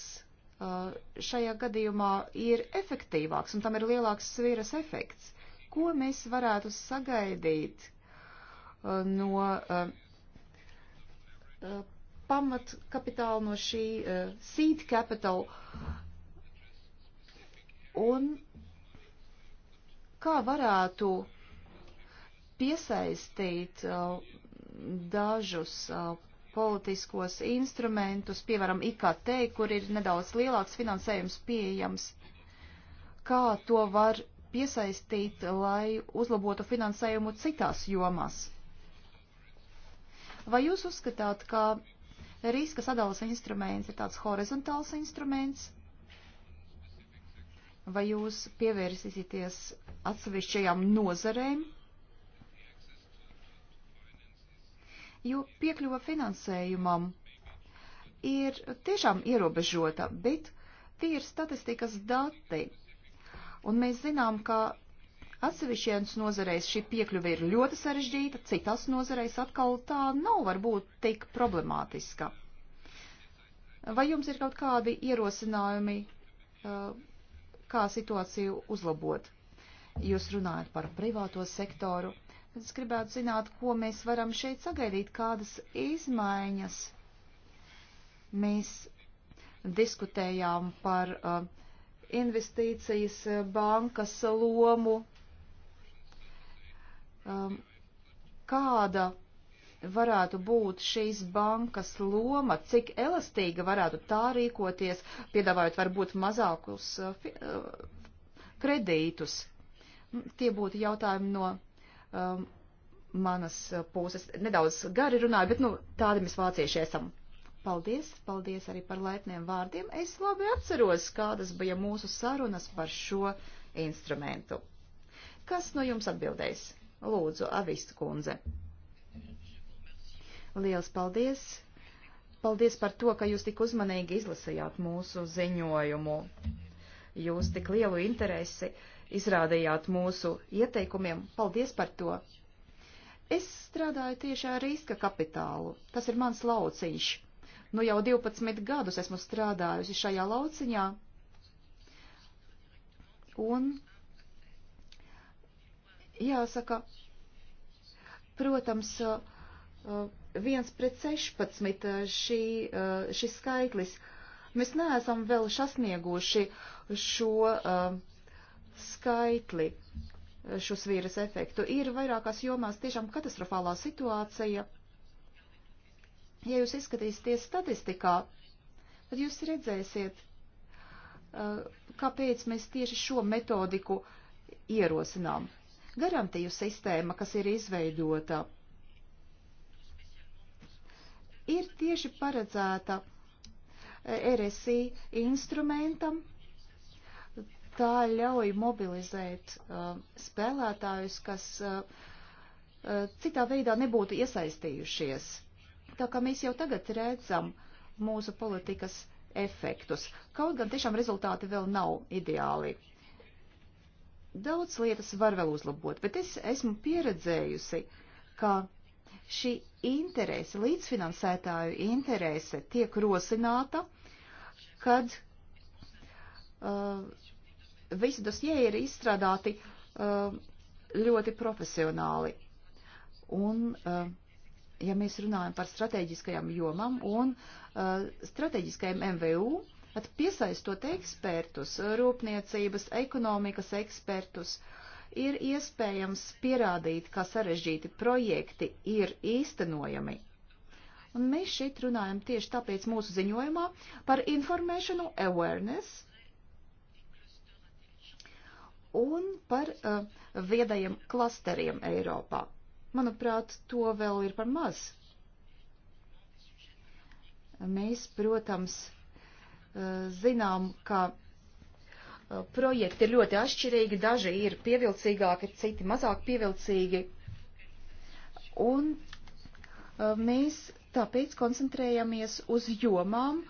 Uh, šajā gadījumā ir efektīvāks un tam ir lielāks sviras efekts. Ko mēs varētu sagaidīt uh, no uh, pamat kapitāla, no šī seed capital? Un kā varētu piesaistīt dažus politiskos instrumentus, piemēram, IKT, kur ir nedaudz lielāks finansējums pieejams. Kā to var piesaistīt, lai uzlabotu finansējumu citās jomās? Vai jūs uzskatāt, ka riska sadalas instruments ir tāds horizontāls instruments? Vai jūs pievērsīsieties atsevišķajām nozarēm? jo piekļuva finansējumam ir tiešām ierobežota, bet tie ir statistikas dati. Un mēs zinām, ka atsevišķienas nozareis šī piekļuva ir ļoti sarežģīta, citās nozareis atkal tā nav varbūt tik problemātiska. Vai jums ir kaut kādi ierosinājumi, kā situāciju uzlabot? Jūs runājat par privāto sektoru. Tad es gribētu zināt, ko mēs varam šeit sagaidīt, kādas izmaiņas. Mēs diskutējām par uh, investīcijas uh, bankas lomu. Um, kāda varētu būt šīs bankas loma, cik elastīga varētu tā rīkoties, piedāvājot varbūt mazākus uh, uh kredītus. Tie būtu jautājumi no um, manas uh, puses. Nedaudz gari runāju, bet nu, tādi mēs vācieši esam. Paldies, paldies arī par laipniem vārdiem. Es labi atceros, kādas bija mūsu sarunas par šo instrumentu. Kas no jums atbildēs? Lūdzu, Avistu kundze. Liels paldies! Paldies par to, ka jūs tik uzmanīgi izlasījāt mūsu ziņojumu. Jūs tik lielu interesi uh, izrādījāt mūsu ieteikumiem. Paldies par to! Es strādāju tieši ar riska kapitālu. Tas ir mans lauciņš. Nu jau 12 gadus esmu strādājusi šajā lauciņā. Un jāsaka, protams, uh, viens pret 16 uh, šī, uh, šis skaitlis. Mēs neesam vēl sasnieguši šo uh, skaitli šo svīras efektu. Ir vairākās jomās tiešām katastrofālā situācija. Ja jūs izskatīsieties statistikā, tad jūs redzēsiet, uh, kāpēc mēs tieši šo metodiku ierosinām. Garantiju sistēma, kas ir izveidota, ir tieši paredzēta uh, RSI instrumentam, tā ļauj mobilizēt uh, spēlētājus, kas uh, uh, citā veidā nebūtu iesaistījušies. Tā kā mēs jau tagad redzam mūsu politikas efektus, kaut gan tiešām rezultāti vēl nav ideāli. Daudz lietas var vēl uzlabot, bet es esmu pieredzējusi, ka šī interese, līdzfinansētāju interese tiek rosināta, kad uh, visi dosie ir izstrādāti uh, ļoti profesionāli. Un, uh, ja mēs runājam par strateģiskajām jomām un uh, strateģiskajiem MVU, tad piesaistot ekspertus, rūpniecības, ekonomikas ekspertus, ir iespējams pierādīt, kā sarežģīti projekti ir īstenojami. Un mēs šeit runājam tieši tāpēc mūsu ziņojumā par informēšanu awareness, un par uh, viedajiem klasteriem Eiropā. Manuprāt, to vēl ir par maz. Mēs, protams, uh, zinām, ka uh, projekti ir ļoti atšķirīgi, daži ir pievilcīgāki, citi mazāk pievilcīgi. Un uh, mēs tāpēc koncentrējamies uz jomām,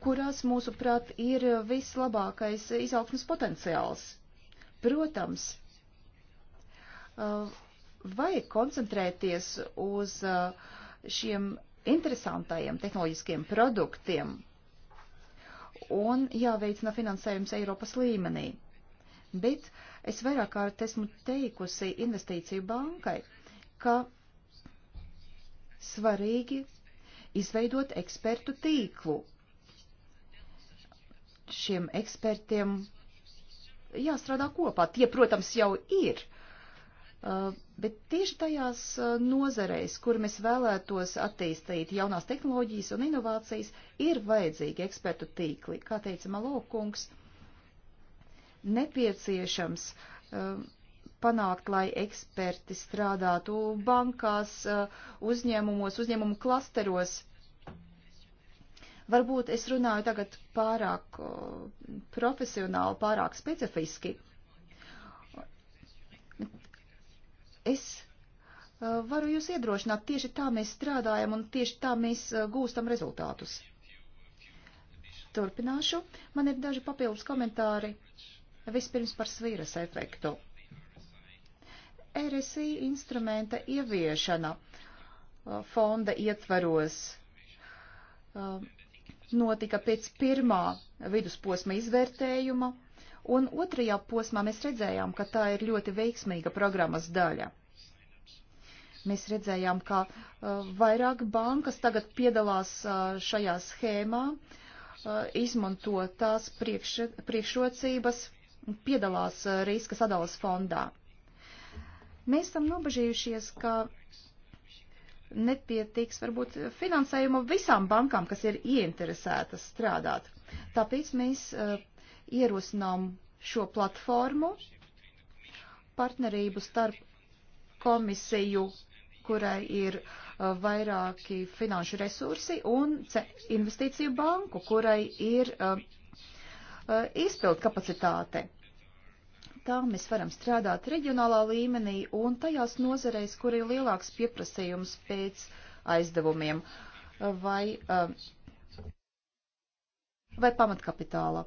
kurās, mūsuprāt, ir vislabākais izaugsmas potenciāls Protams, uh, vajag koncentrēties uz uh, šiem interesantajiem tehnoloģiskiem produktiem un jāveicina finansējums Eiropas līmenī. Bet es vairāk kārt esmu teikusi investīciju bankai, ka svarīgi izveidot ekspertu tīklu. Šiem ekspertiem jāstrādā kopā. Tie, protams, jau ir. Uh, bet tieši tajās uh, nozareis, kur mēs vēlētos attīstīt jaunās tehnoloģijas un inovācijas, ir vajadzīgi ekspertu tīkli. Kā teica Malokungs, nepieciešams uh, panākt, lai eksperti strādātu bankās, uzņēmumos, uzņēmumu klasteros, Varbūt es runāju tagad pārāk uh, profesionāli, pārāk specifiski. Es uh, varu jūs iedrošināt, tieši tā mēs strādājam un tieši tā mēs uh, gūstam rezultātus. Turpināšu. Man ir daži papildus komentāri. Vispirms par svīras efektu. RSI instrumenta ieviešana fonda ietvaros. Um, notika pēc pirmā vidusposma izvērtējuma, un otrajā posmā mēs redzējām, ka tā ir ļoti veiksmīga programmas daļa. Mēs redzējām, ka uh, vairāk bankas tagad piedalās uh, šajā schēmā, uh, izmanto tās priekš, priekšrocības, piedalās uh, riska sadalas fondā. Mēs tam nobežījušies, ka netietiks varbūt finansējumu visām bankām, kas ir ieinteresētas strādāt. Tāpēc mēs uh, ierosinām šo platformu partnerību starp komisiju, kurai ir uh, vairāki finanšu resursi, un investīciju banku, kurai ir uh, izpildu kapacitāte kā mēs varam strādāt reģionālā līmenī un tajās nozareis, kur ir lielāks pieprasījums pēc aizdevumiem vai, eh, vai pamatkapitāla.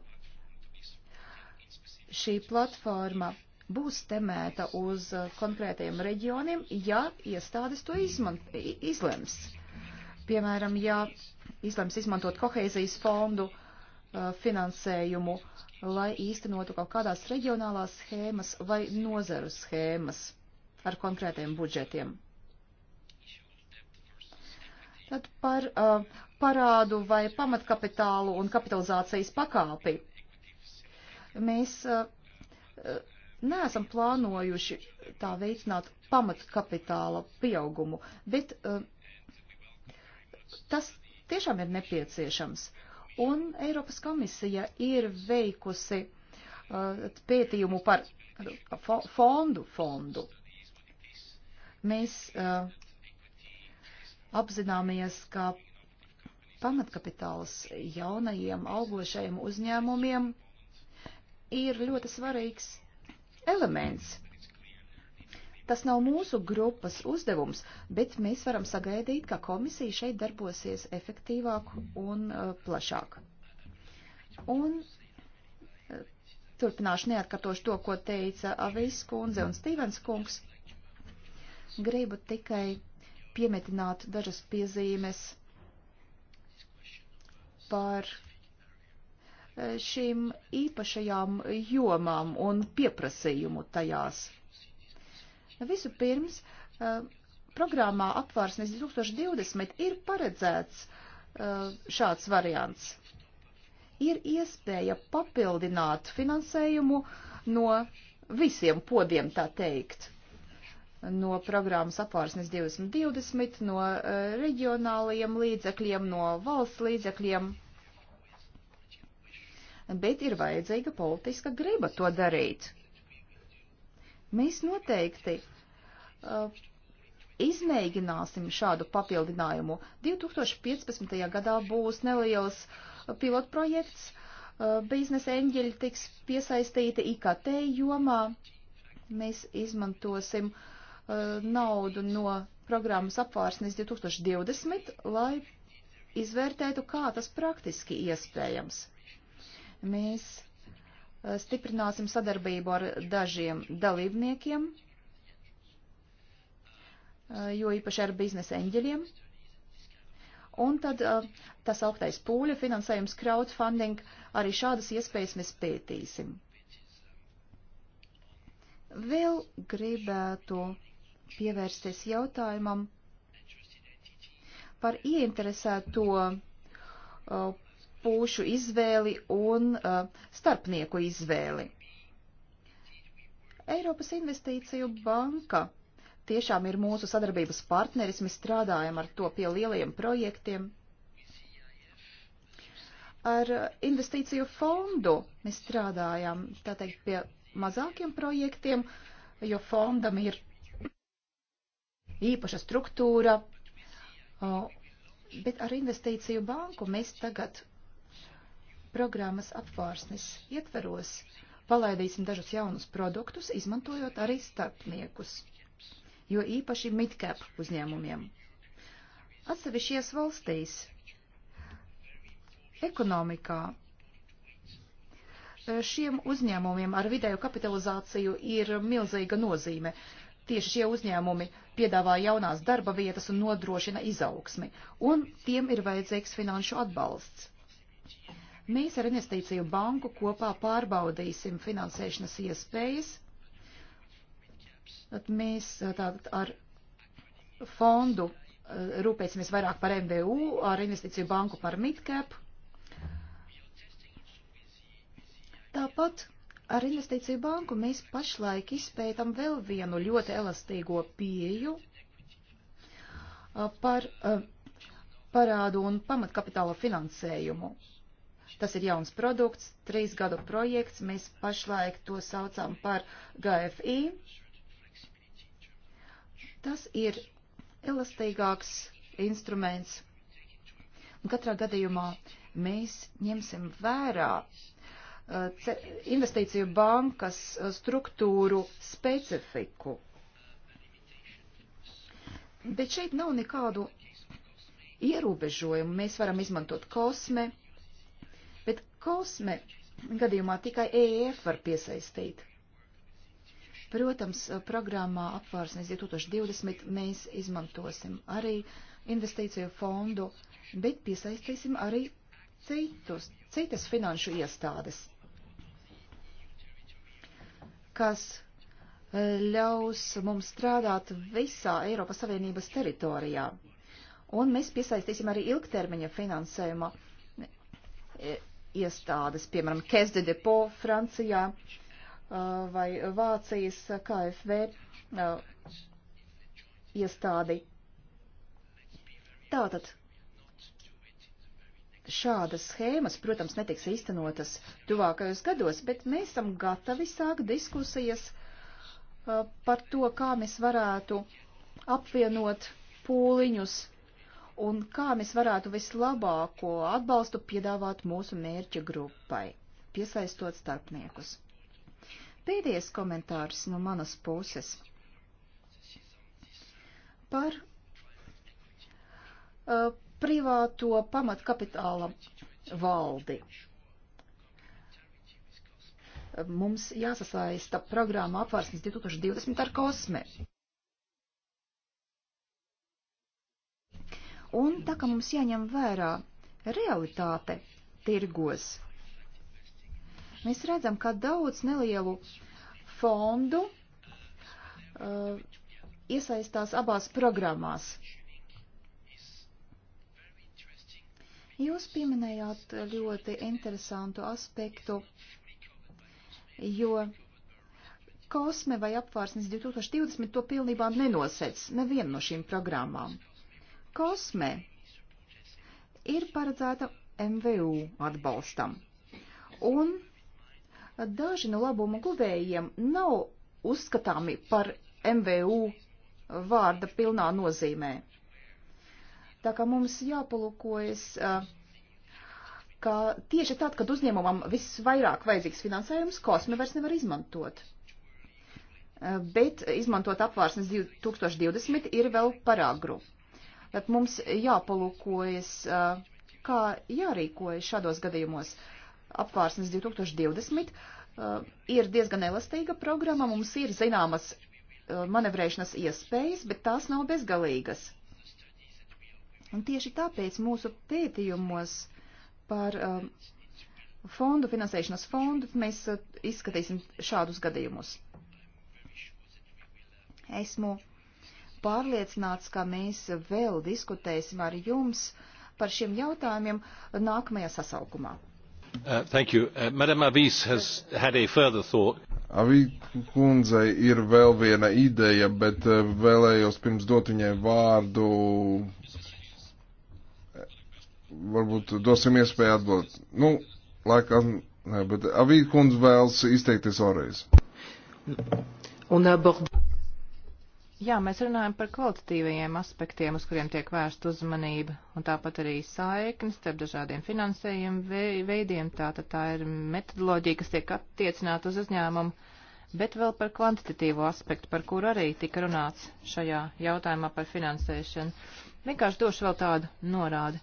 Šī platforma būs temēta uz konkrētajiem reģioniem, ja iestādes to izmant, izlems. Piemēram, ja izlems izmantot kohēzijas fondu, uh, Uh, finansējumu, lai īstenotu kaut kādās reģionālās schēmas vai nozaru schēmas ar konkrētiem budžetiem. Tad par uh, parādu vai pamatkapitālu un kapitalizācijas pakāpi. Mēs uh, uh neesam plānojuši tā veicināt pamatkapitāla pieaugumu, bet uh, tas tiešām ir nepieciešams. Uh, Un Eiropas komisija ir veikusi uh, pētījumu par fo fondu fondu. Mēs uh, apzināmies, ka pamatkapitāls jaunajiem augošajiem uzņēmumiem ir ļoti svarīgs elements Tas nav mūsu grupas uzdevums, bet mēs varam sagaidīt, ka komisija šeit darbosies efektīvāk un uh, plašāk. Un uh, turpināšu neatkārtošu to, ko teica Avis kundze un Stīvens kungs. Gribu tikai piemetināt dažas piezīmes par uh, šīm īpašajām jomām un pieprasījumu tajās. Visu pirms eh, programmā apvārsnes 2020 ir paredzēts eh, šāds variants. Ir iespēja papildināt finansējumu no visiem podiem, tā teikt no programmas apvārsnes 2020, no uh, eh, reģionālajiem līdzekļiem, no valsts līdzekļiem. Bet ir vajadzīga politiska griba to darīt. Mēs noteikti uh, izmēģināsim šādu papildinājumu. 2015. gadā būs neliels uh, pilotprojekts. Uh, biznesa eņģeļi tiks piesaistīti IKT jomā. Mēs izmantosim uh, naudu no programmas apvārsnes 2020, lai izvērtētu, kā tas praktiski iespējams. Mēs Eh, stiprināsim sadarbību ar dažiem dalībniekiem, eh, jo īpaši ar biznesa eņģeļiem. Un tad eh, tas augtais pūļa finansējums crowdfunding, arī šādas iespējas mēs pētīsim. Vēl gribētu pievērsties jautājumam par ieinteresēto pušu izvēli un uh, starpnieku izvēli. Eiropas investīciju banka tiešām ir mūsu sadarbības partneris, mēs strādājam ar to pie lielajiem projektiem. Ar investīciju fondu mēs strādājam, tā teikt, pie mazākiem projektiem, jo fondam ir īpaša struktūra, bet ar investīciju banku mēs tagad programmas apvārsnes ietveros palaidīsim dažus jaunus produktus, izmantojot arī starpniekus, jo īpaši midcap uzņēmumiem. Atsevišķies valstīs ekonomikā e, šiem uzņēmumiem ar vidēju kapitalizāciju ir milzīga nozīme. Tieši šie uzņēmumi piedāvā jaunās darba vietas un nodrošina izaugsmi, un tiem ir vajadzīgs finanšu atbalsts. Mēs ar investīciju banku kopā pārbaudīsim finansēšanas iespējas. Tad mēs eh, tātad ar fondu eh, rūpēsimies vairāk par MBU, ar investīciju banku par midcap. Tāpat ar investīciju banku mēs pašlaik izpētam vēl vienu ļoti elastīgo pieju eh, par parādu un pamatkapitāla finansējumu. Tas ir jauns produkts, trīs gadu projekts, mēs pašlaik to saucam par GFI. Tas ir elastīgāks instruments. Un katrā gadījumā mēs ņemsim vērā uh, investīciju bankas uh, struktūru specifiku. Bet šeit nav nekādu ierobežojumu. Mēs varam izmantot kosme, Kosme gadījumā tikai EF e var piesaistīt. Protams, programmā apvārsnes 2020 mēs izmantosim arī investīciju fondu, bet piesaistīsim arī citus, citas finanšu iestādes, kas e, ļaus mums strādāt visā Eiropas Savienības teritorijā. Un mēs piesaistīsim arī ilgtermiņa finansējuma e, iestādes, piemēram, Caisse de Depot Francijā uh, vai Vācijas KFV uh, iestādi. Tātad šādas schēmas, protams, netiks īstenotas tuvākajos gados, bet mēs esam gatavi sākt diskusijas uh, par to, kā mēs varētu apvienot pūliņus un kā mēs varētu vislabāko atbalstu piedāvāt mūsu mērķa grupai, piesaistot starpniekus. Pēdējais komentārs no manas puses par uh, privāto pamatkapitāla valdi. Mums jāsasaista programma apvārsnes 2020 ar kosme. Un tā kā mums jāņem vērā realitāte tirgos, mēs redzam, ka daudz nelielu fondu uh, iesaistās abās programmās. Jūs pieminējāt ļoti interesantu aspektu, jo kosme vai apvārsnes 2020 to pilnībā nenosec nevienu no šīm programmām. Kosme ir paredzēta MVU atbalstam. Un daži no labuma guvējiem nav uzskatāmi par MVU vārda pilnā nozīmē. Tā kā mums jāpalūkojas, ka tieši tad, kad uzņēmumam visvairāk vajadzīgs finansējums, kosme vairs nevar izmantot. Bet izmantot apvārsnes 2020 ir vēl parāgru bet mums jāpalūkojas, kā jārīkojas šādos gadījumos. Apvārsnes 2020 ir diezgan elastīga programma, mums ir zināmas manevrēšanas iespējas, bet tās nav bezgalīgas. Un tieši tāpēc mūsu pētījumos par fondu, finansēšanas fondu, mēs izskatīsim šādus gadījumus. Esmu pārliecināts, ka mēs vēl diskutēsim ar jums par šiem jautājumiem nākamajā sasaukumā. Uh, thank you. Uh, Madam Avis has had a further thought. Avī kundzei ir vēl viena ideja, bet uh, vēlējos pirms dot viņai vārdu. Varbūt dosim iespēju atbildēt. Nu, laikam, ne, bet Avī kundze vēlas izteikties vēlreiz. Un abord. Jā, mēs runājam par kvalitatīvajiem aspektiem, uz kuriem tiek vērsta uzmanība, un tāpat arī saiknes starp dažādiem finansējumu veidiem. Tātad tā ir metodoloģija, kas tiek attiecināta uz uzņēmumu, bet vēl par kvantitatīvo aspektu, par kuru arī tika runāts šajā jautājumā par finansēšanu. Vienkārši došu vēl tādu norādi.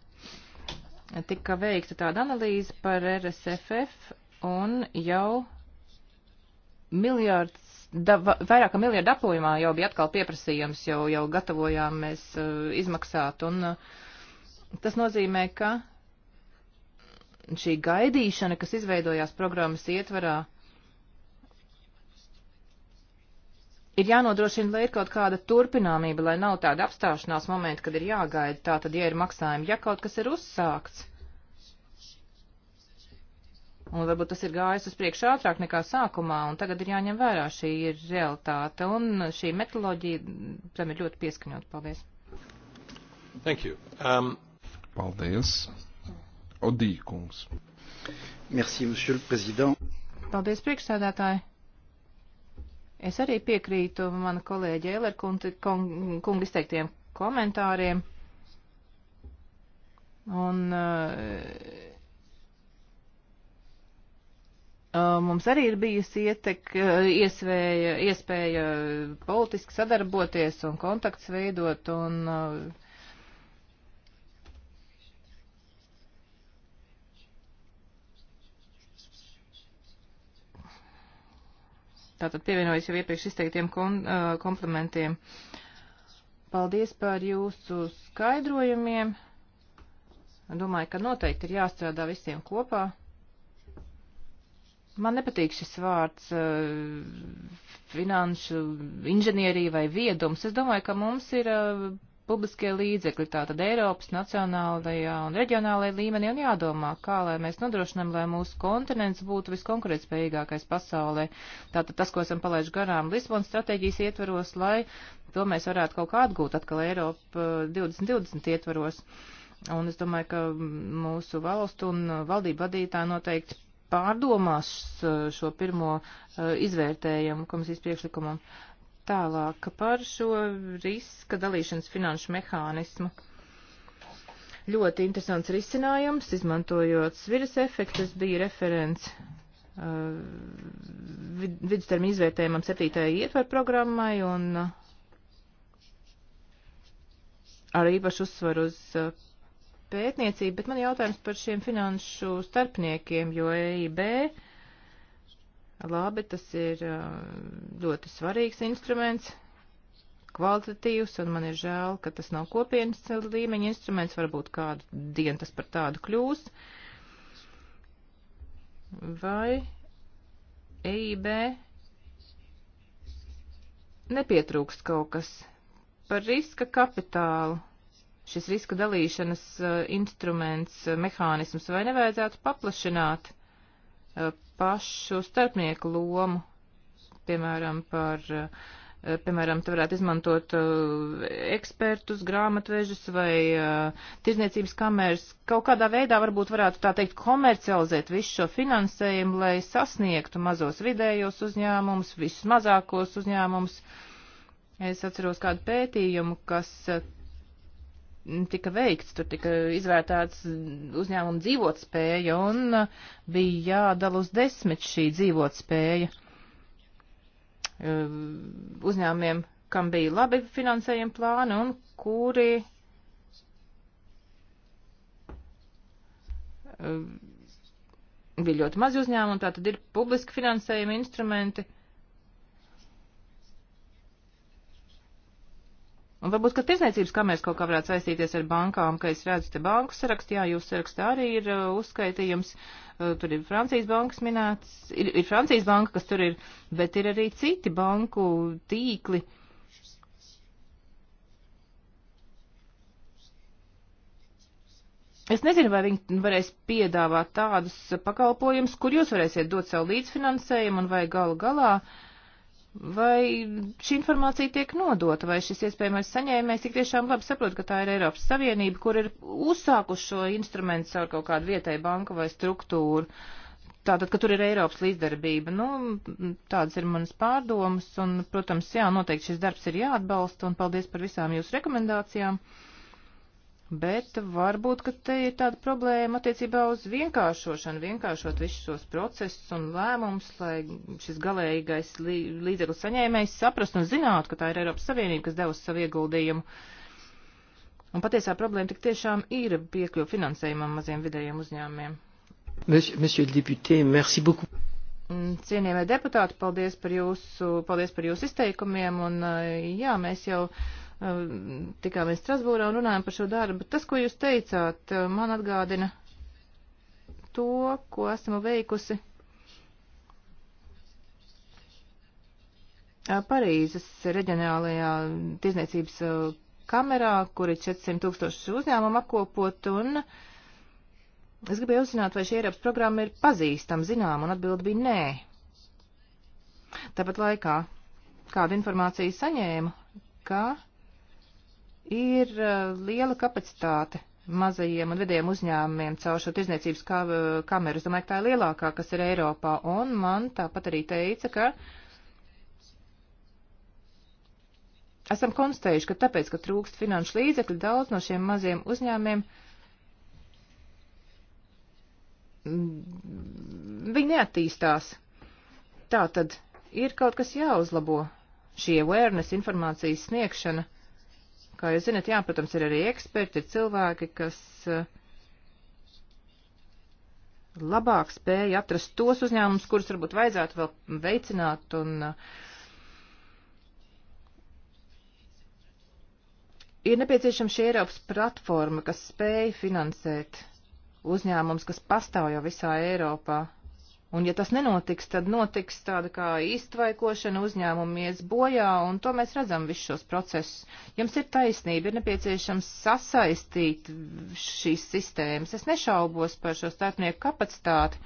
Tika veikta tāda analīze par RSFF, un jau miljārds da, vairāk miljardu aplojumā jau bija atkal pieprasījums, jau, jau gatavojām mēs uh, izmaksāt. Un uh, tas nozīmē, ka šī gaidīšana, kas izveidojās programmas ietvarā, ir jānodrošina, lai ir kaut kāda turpināmība, lai nav tāda apstāšanās momenta, kad ir jāgaida tā, tad, ja ir maksājumi, ja kaut kas ir uzsākts, Un varbūt tas ir gājis uz priekšu ātrāk nekā sākumā, un tagad ir jāņem vērā šī realitāte, un šī metoloģija tam ir ļoti pieskaņot. Paldies. Thank you. Um... Paldies. Odīkungs. Merci, monsieur le président. Paldies, priekšsēdētāji. Es arī piekrītu mana kolēģa Eiler kungu izteiktiem komentāriem. Un uh, Uh, mums arī ir bijusi ietek, uh, iespēja, iespēja politiski sadarboties un kontakts veidot. Un, uh, Tātad pievienojas jau iepriekš izteiktiem kom, komplementiem. Paldies par jūsu skaidrojumiem. Domāju, ka noteikti ir jāstrādā visiem kopā. Man nepatīk šis vārds uh, finanšu inženierija vai viedums. Es domāju, ka mums ir uh, publiskie līdzekļi, tātad Eiropas, nacionālajā un reģionālajā līmenī, un jādomā, kā lai mēs nodrošinām, lai mūsu kontinents būtu viskonkurētspējīgākais pasaulē. Tātad tas, ko esam palaiduši garām Lisbonas stratēģijas ietvaros, lai to mēs varētu kaut kā atgūt atkal Eiropa 2020 eh, ietvaros. Un es domāju, ka mūsu valstu un valdību vadītāji noteikti pārdomās eh, šo pirmo eh, izvērtējumu komisijas priekšlikumam. Tālāk par šo riska dalīšanas finanšu mehānismu. Ļoti interesants risinājums, izmantojot sviras efektu, es biju referents uh, vid vidustermiņa izvērtējumam septītajai ietver programmai un uh, ar īpašu uzsvaru uz uh, pētniecību, bet man jautājums par šiem finanšu starpniekiem, jo EIB, labi, tas ir uh, ļoti svarīgs instruments, kvalitatīvs, un man ir žēl, ka tas nav kopienas līmeņa instruments, varbūt kādu dienu tas par tādu kļūs. Vai EIB nepietrūkst kaut kas par riska kapitālu? šis riska dalīšanas eh, instruments, eh, mehānisms, vai nevajadzētu paplašināt eh, pašu starpnieku lomu, piemēram, par, piemēram, te varētu izmantot ekspertus, grāmatvežus vai tirzniecības kameras. Kaut kādā veidā varbūt varētu tā teikt komercializēt visu šo finansējumu, lai sasniegtu mazos vidējos uzņēmumus, visus mazākos uzņēmumus. Es atceros kādu pētījumu, kas tika veikts, tur tika izvērtāts uzņēmuma dzīvotspēja un uh, bija jādala uz desmit šī dzīvotspēja uh, uzņēmumiem, kam bija labi finansējuma plāni un kuri uh, bija ļoti mazi uzņēmumi, tā tad ir publiski finansējuma instrumenti. Un varbūt, ka tirsniecības kameras kaut kā varētu saistīties ar bankām, ka es redzu te banku sarakstu, jā, jūs sarakstā arī ir uh, uzskaitījums, uh, tur ir Francijas bankas minēts, ir, ir Francijas banka, kas tur ir, bet ir arī citi banku tīkli. Es nezinu, vai viņi varēs piedāvāt tādus pakalpojumus, kur jūs varēsiet dot savu līdzfinansējumu un vai galu galā. Uh, Vai šī informācija tiek nodota, vai šis iespējamais saņēmējs tik tiešām labi saprot, ka tā ir Eiropas Savienība, kur ir uzsākuši šo instrumentu caur kaut kādu vietēju banku vai struktūru? Tātad, ka tur ir Eiropas līdzdarbība. Nu, tādas ir manas pārdomas, un, protams, jā, noteikti šis darbs ir jāatbalsta, un paldies par visām jūsu rekomendācijām. Uh, Bet varbūt, ka te ir tāda problēma attiecībā uz vienkāršošanu, vienkāršot visus šos procesus un lēmumus, lai šis galīgais līdzekļu saņēmējs saprastu un zinātu, ka tā ir Eiropas Savienība, kas devusi savu ieguldījumu. Un patiesā problēma tik tiešām ir piekļuva finansējumam maziem vidējiem uzņēmumiem. Monsieur, monsieur deputé, merci beaucoup. Cienījamie deputāti, paldies par jūsu, paldies par jūsu izteikumiem, un jā, mēs jau Ehm, tikāmies Strasbūrā un runājām par šo darbu. Tas, ko jūs teicāt, eh, man atgādina to, ko esmu veikusi eh, Parīzes reģionālajā tirzniecības eh, kamerā, kur ir 400 tūkstoši uzņēmumu apkopot, un es gribēju uzzināt, vai šī Eiropas programma ir pazīstama, zinām, un atbildi bija nē. Tāpat laikā kādu informāciju saņēmu, ka ir eh, liela kapacitāte mazajiem un vidējiem uzņēmumiem caur šo tirzniecības eh, kameru. Es domāju, ka tā ir lielākā, kas ir Eiropā. Un man tāpat arī teica, ka esam konstatējuši, ka tāpēc, ka trūkst finanšu līdzekļu, daudz no šiem maziem uzņēmumiem mm, viņi neattīstās. Tā tad ir kaut kas jāuzlabo. Šī awareness informācijas sniegšana Kā jūs zinat, jā, protams, ir arī eksperti, ir cilvēki, kas eh, labāk spēja atrast tos uzņēmumus, kurus varbūt vajadzētu vēl veicināt un uh, ir nepieciešama šī Eiropas platforma, kas spēj finansēt uzņēmums, kas pastāv jau visā Eiropā. Un ja tas nenotiks, tad notiks tāda kā īstvaikošana, uzņēmumi ies bojā, un to mēs redzam visus šos procesus. Jums ir taisnība, ir nepieciešams sasaistīt šīs sistēmas. Es nešaubos par šo starpnieku kapacitāti,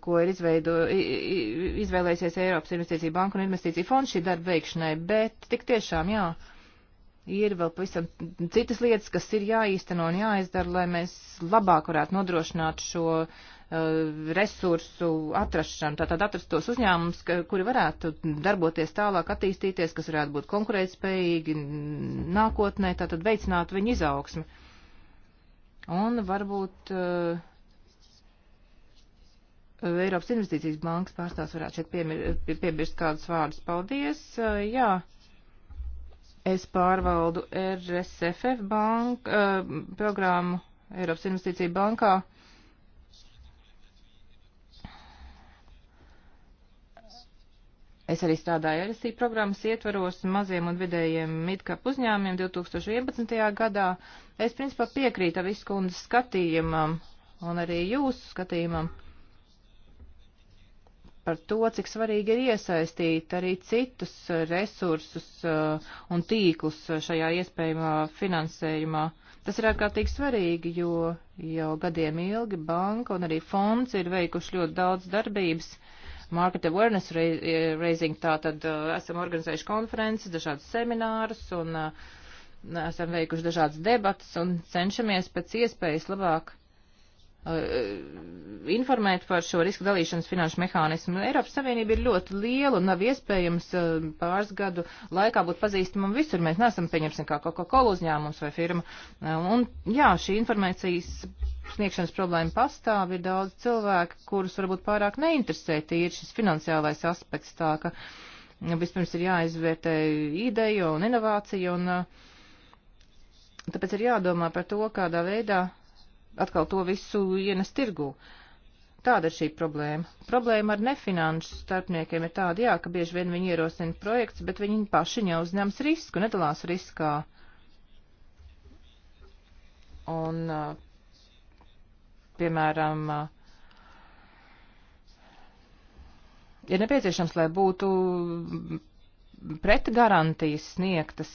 ko ir izveido, izvēlēsies Eiropas investīcija banka un investīcija fonds šī darba veikšanai, bet tik tiešām jā ir vēl pavisam citas lietas, kas ir jāīsteno un jāizdara, lai mēs labāk varētu nodrošināt šo Eh, resursu atrašanu, tātad atrast tos uzņēmumus, kuri varētu darboties tālāk, attīstīties, kas varētu būt konkurētspējīgi nākotnē, tātad veicināt viņu izaugsmi. Un varbūt uh, Eiropas Investīcijas bankas pārstāvs varētu šeit piemir, piebirst kādus vārdus. Paldies! Uh, jā, es pārvaldu RSFF banku uh, programmu Eiropas Investīcija bankā. Uh, Es arī strādāju RSI programmas ietvaros maziem un vidējiem midkap uzņēmumiem 2011. gadā. Es principā piekrītu visu kundzes skatījumam un arī jūsu skatījumam par to, cik svarīgi ir iesaistīt arī citus resursus uh, un tīklus šajā iespējamā finansējumā. Tas ir ārkārtīgi svarīgi, jo jau gadiem ilgi banka un arī fonds ir veikuši ļoti daudz darbības market awareness raising, tātad uh, esam organizējuši konferences, dažādas seminārus un uh, esam veikuši dažādas debatas un cenšamies pēc iespējas labāk Uh, informēt par šo risku dalīšanas finanšu mehānismu. Eiropas Savienība ir ļoti liela un nav iespējams uh, pāris gadu laikā būt pazīstamam visur. Mēs neesam, pieņemsim, kā Coca-Cola uzņēmums vai firma. Uh, un jā, šī informācijas sniegšanas problēma pastāv, ir daudz cilvēku, kurus varbūt pārāk neinteresē tīri šis finansiālais aspekts, tā ka vispirms ir jāizvērtē ideja un inovācija, un tāpēc ir jādomā par to, kādā veidā atkal to visu ienes tirgū. Tāda ir šī problēma. Problēma ar nefinanšu starpniekiem ir tāda, jā, ka bieži vien viņi ierosina projekts, bet viņi paši neuzņems risku, nedalās riskā. Un, piemēram, ir nepieciešams, lai būtu pretgarantijas sniegtas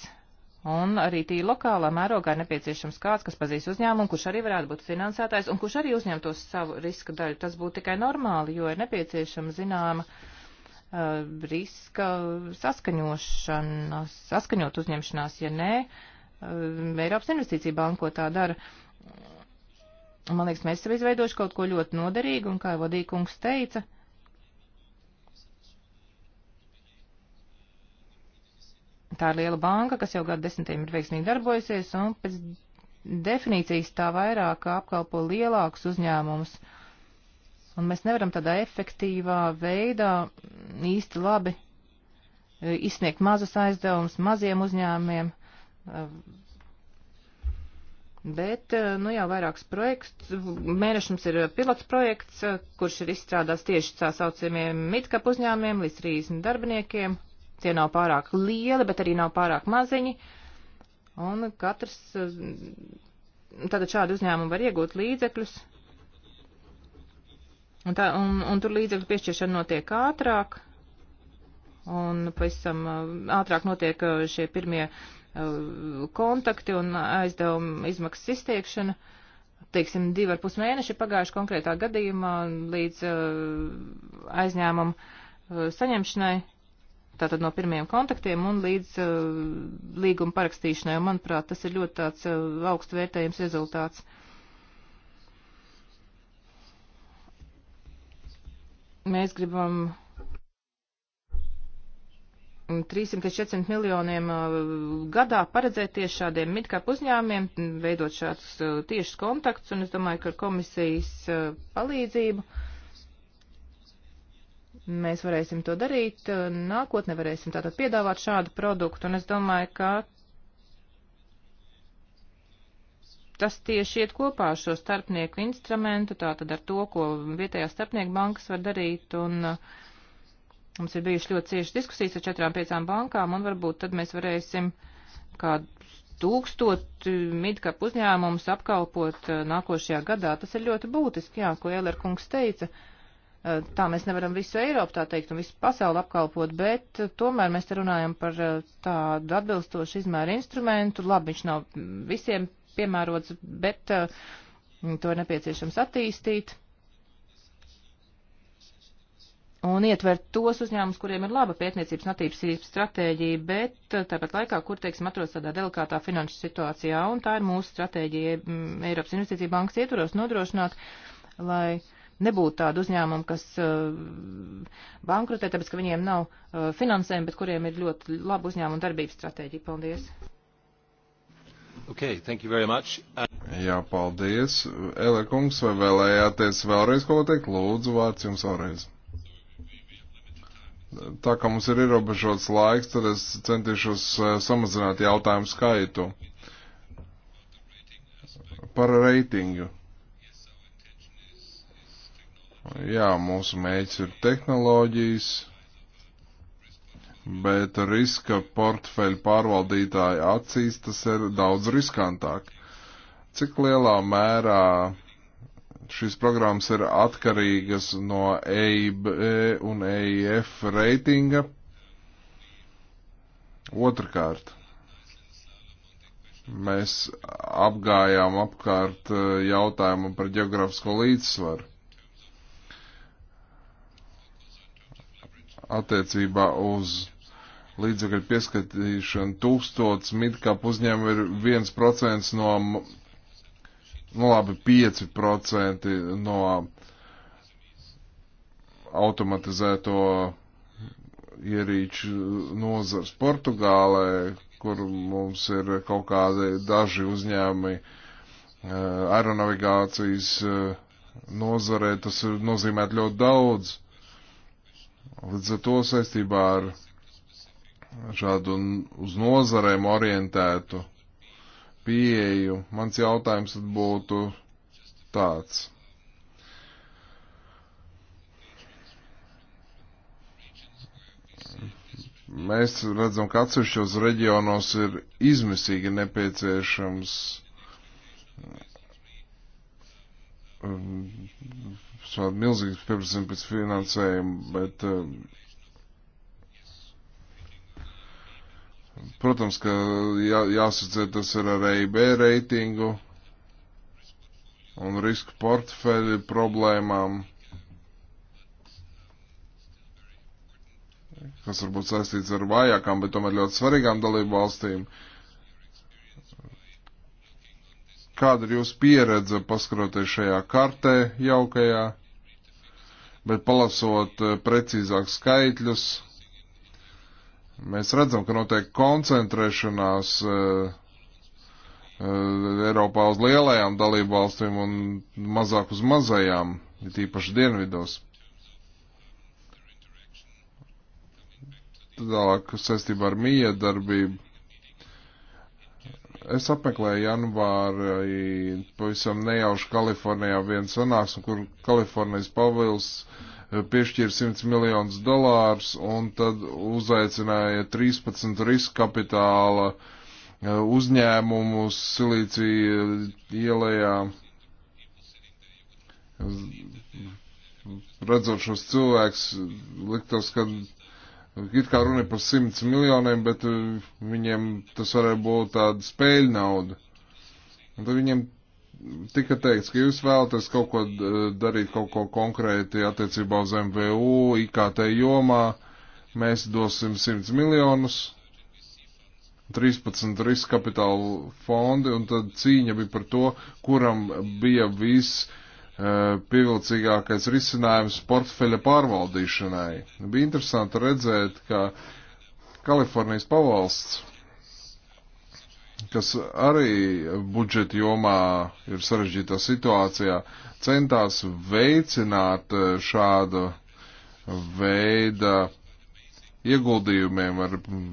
Un arī tī lokālā mērogā ir nepieciešams kāds, kas pazīst uzņēmumu, kurš arī varētu būt finansētājs un kurš arī uzņemtos savu riska daļu. Tas būtu tikai normāli, jo ir nepieciešama zināma uh, riska saskaņošana, saskaņot uzņemšanās, ja nē, uh, Eiropas investīcija banko tā dara. Man liekas, mēs esam izveidojuši kaut ko ļoti noderīgu, un kā jau vadīkungs teica, uh, Tā ir liela banka, kas jau gadu desmitiem ir veiksmīgi darbojusies, un pēc definīcijas tā vairāk apkalpo lielākus uzņēmumus. Un mēs nevaram tādā efektīvā veidā īsti labi e, izsniegt mazus aizdevumus maziem uzņēmumiem. E, bet, e, nu jau vairāks projekts, mēnešums ir pilots projekts, kurš ir izstrādāts tieši tā saucamiem midcap uzņēmiem līdz 30 darbiniekiem. Tie nav pārāk lieli, bet arī nav pārāk maziņi. Un katrs, mm, tātad šādi uzņēmumi var iegūt līdzekļus. Un, tā, un, un tur līdzekļu piešķiršana notiek ātrāk. Un pavisam mm, ātrāk notiek mm, šie pirmie kontakti un aizdevuma izmaksas izteikšana. Teiksim, divi ar pus mēneši pagājuši konkrētā gadījumā līdz aizņēmumu saņemšanai tātad no pirmiem kontaktiem un līdz uh, līguma parakstīšanai. Un, manuprāt, tas ir ļoti tāds uh, augstu vērtējums rezultāts. Mēs gribam 300-400 miljoniem uh, gadā paredzēt tieši šādiem midcap uzņēmumiem, veidot šādus uh, tiešus kontaktus, un es domāju, ka ar komisijas uh, palīdzību uh, mēs varēsim to darīt, uh, nākotnē varēsim tātad piedāvāt šādu produktu, un es domāju, ka tas tieši iet kopā ar šo starpnieku instrumentu, tātad ar to, ko vietējā starpnieku bankas var darīt, un uh, mums ir bijuši ļoti cieši diskusijas ar četrām piecām bankām, un varbūt tad mēs varēsim kādu tūkstot uh, midkap uzņēmumus apkalpot nākošajā gadā. Tas ir ļoti būtiski, jā, ko Eler kungs teica. Uh, Eh, tā mēs nevaram visu Eiropu, tā teikt, un visu pasauli apkalpot, bet eh, tomēr mēs te runājam par eh, tādu atbilstošu izmēru instrumentu. Labi, viņš nav visiem piemērots, bet to ir nepieciešams attīstīt. Un ietvert tos uzņēmumus, kuriem ir laba pētniecības un attīstības stratēģija, bet tāpat laikā, kur, teiksim, atrodas tādā delikātā finanšu situācijā, un tā ir mūsu stratēģija mm, Eiropas Investīcija bankas ietvaros nodrošināt, lai uh, nebūtu tādu uzņēmumu, kas eh, bankrotē, tāpēc, ka viņiem nav eh, finansējumi, bet kuriem ir ļoti laba uzņēmuma darbības stratēģija. Paldies! Okay, thank you very much. Jā, paldies. Elekungs, vai vēlējāties vēlreiz ko teikt? Lūdzu, vārds jums vēlreiz. Tā kā mums ir ierobežots laiks, tad es centīšos eh, samazināt jautājumu skaitu. Par reitingu. Jā, mūsu mērķis ir tehnoloģijas, bet riska portfeļu pārvaldītāju acīs tas ir daudz riskantāk. Cik lielā mērā šīs programmas ir atkarīgas no EIB e un EIF reitinga? Otrakārt, mēs apgājām apkārt e, jautājumu par geogrāfisko līdzsvaru attiecībā uz līdzekļu pieskatīšanu. Tūkstots midkap uzņēmumu ir 1% no, nu labi, 5% no automatizēto ierīču nozars Portugālē, kur mums ir kaut kādi daži uzņēmumi eh, aeronavigācijas eh, nozarē, tas ir nozīmēt ļoti daudz. Līdz ar to saistībā ar šādu uz nozarēm orientētu pieeju, mans jautājums būtu tāds. Mēs redzam, ka atsevišķos reģionos ir izmisīgi nepieciešams um, milzīgs pieprasījums pēc finansējuma, bet, eh, protams, ka jā, jāsacē tas ir ar EIB reitingu un risku portfeļu problēmām, kas varbūt saistīts ar vājākām, bet tomēr ļoti svarīgām dalību valstīm. Uh, Kāda ir jūsu pieredze paskaroties šajā kartē jaukajā, bet palasot eh, precīzāk skaitļus, mēs redzam, ka notiek koncentrēšanās uh, uh, Eiropā uz lielajām dalībvalstīm un mazāk uz mazajām, ir tīpaši dienvidos. Tālāk saistībā ar mīja darbību. Es apmeklēju janvāri pavisam nejauši Kalifornijā vienu sanāksmu, kur Kalifornijas pavils eh, piešķīra 100 miljonus dolārus un tad uzaicināja 13 riska kapitāla eh, uzņēmumus Silīcija eh, ielējā. Redzot šos cilvēkus, liktos, ka It kā runa ir par simts miljoniem, bet uh, viņiem tas varētu būt tāda spēļu nauda. Un tad viņiem tika teikts, ka jūs vēlaties kaut ko uh, darīt, kaut ko konkrēti attiecībā uz MVU, IKT jomā. Mēs dosim 100 miljonus, 13 riska kapitāla fondi, un tad cīņa bija par to, kuram bija viss Eh, pievilcīgākais risinājums portfeļa pārvaldīšanai. Bija interesanti redzēt, ka Kalifornijas pavalsts, kas arī budžeta jomā ir sarežģītā situācijā, centās veicināt eh, šādu veidu ieguldījumiem ar mm,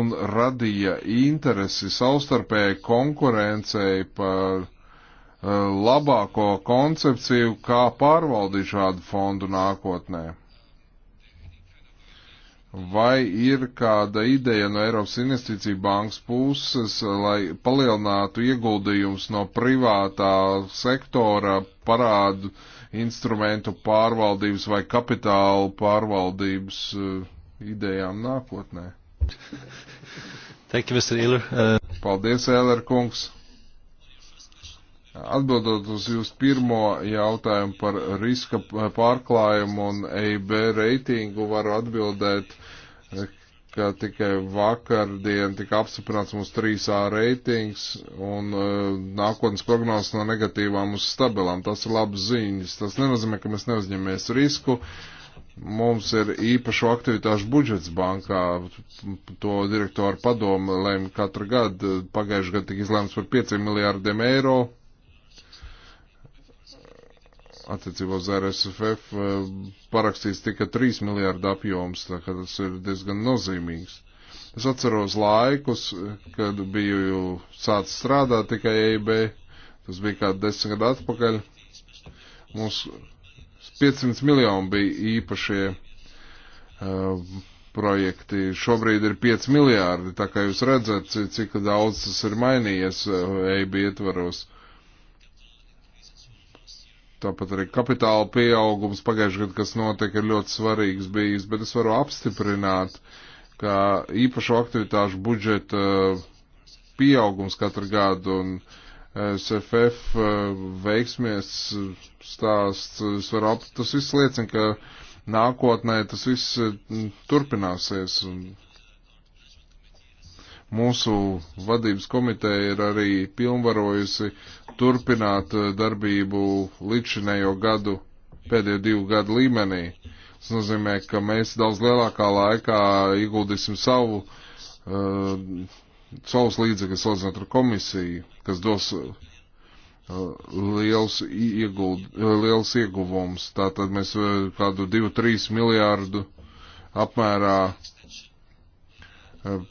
un radīja interesi savstarpēji konkurencei par Eh, labāko koncepciju, kā pārvaldīt šādu fondu nākotnē? Vai ir kāda ideja no Eiropas Investīcija bankas puses, lai palielinātu ieguldījums no privātā sektora parādu instrumentu pārvaldības vai kapitāla pārvaldības eh, idejām nākotnē? Thank you, Mr. Iller. Uh... Paldies, Eller kungs. Atbildot uz jūsu pirmo jautājumu par riska pārklājumu un EIB reitingu, varu atbildēt, ka tikai vakardien tika apstiprināts mūsu 3A reitings un e, nākotnes prognozes no negatīvām uz stabilām. Tas ir labs ziņas. Tas nenozīmē, ka mēs neuzņemies risku. Mums ir īpašu aktivitāšu budžets bankā, to direktoru padomu lēma katru gadu, pagājušajā gadā tika izlēmts par 5 miljārdiem eiro, attiecībā uz RSFF eh, parakstīts tika 3 miljārdu apjoms, tā kā tas ir diezgan nozīmīgs. Es atceros laikus, kad biju sācis strādāt tikai EIB, tas bija kā 10 gadu atpakaļ. Mums 500 miljoni bija īpašie uh, projekti, šobrīd ir 5 miljārdi, tā kā jūs redzat, cik daudz tas ir mainījies EIB eh, e ietvaros. Uh, Tāpat arī kapitāla pieaugums pagājušajā gadā, kas notika, ir ļoti svarīgs bijis, bet es varu apstiprināt, ka īpašo aktivitāšu budžeta eh, pieaugums katru gadu un eh, SFF eh, veiksmies stāsts, es varu ap, tas viss liecina, ka nākotnē tas viss turpināsies. Un mūsu vadības komiteja ir arī pilnvarojusi turpināt eh, darbību līdzinējo gadu, pēdējo divu gadu līmenī. Tas nozīmē, ka mēs daudz lielākā laikā ieguldīsim savu, uh, savus līdzekļus salīdzinot ar komisiju, kas dos uh, liels, ieguld, uh, liels ieguvums. Tātad mēs uh, kādu 2-3 miljārdu apmērā uh,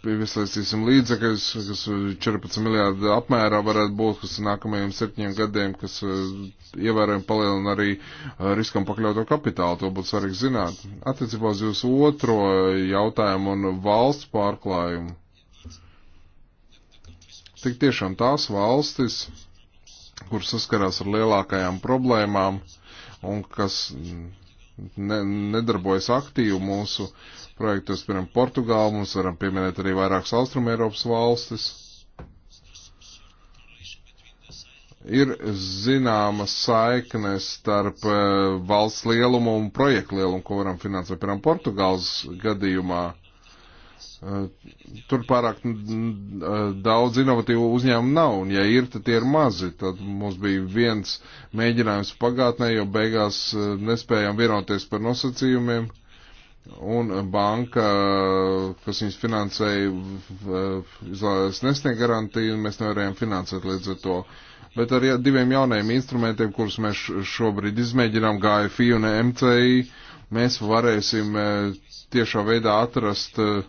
piesaistīsim līdzekļus, kas 14 miljārdu apmērā varētu būt, kas nākamajiem septiņiem gadiem, kas eh, ievērojami palielina arī eh, riskam pakļauto kapitālu. To būtu svarīgi zināt. Attiecībā uz jūsu otro jautājumu un valsts pārklājumu. Tik tiešām tās valstis, kur saskarās ar lielākajām problēmām un kas ne, nedarbojas aktīvi mūsu projektos, piemēram, Portugāla, mums varam pieminēt arī vairākas Austrum Eiropas valstis. Ir zināma saikne starp eh, valsts lielumu un projektu lielumu, ko varam finansēt. Piemēram, Portugāles gadījumā Eh, tur pārāk eh, daudz inovatīvu uzņēmumu nav, un ja ir, tad tie ir mazi. Tad mums bija viens mēģinājums pagātnē, jo beigās eh, nespējām vienoties par nosacījumiem, un banka, kas viņus finansēja, izvēlējās nesniegt garantiju, un mēs nevarējām finansēt līdz ar to. Bet ar diviem jaunajiem instrumentiem, kurus mēs šobrīd izmēģinām, GFI un MCI, mēs varēsim tiešā veidā atrast uh,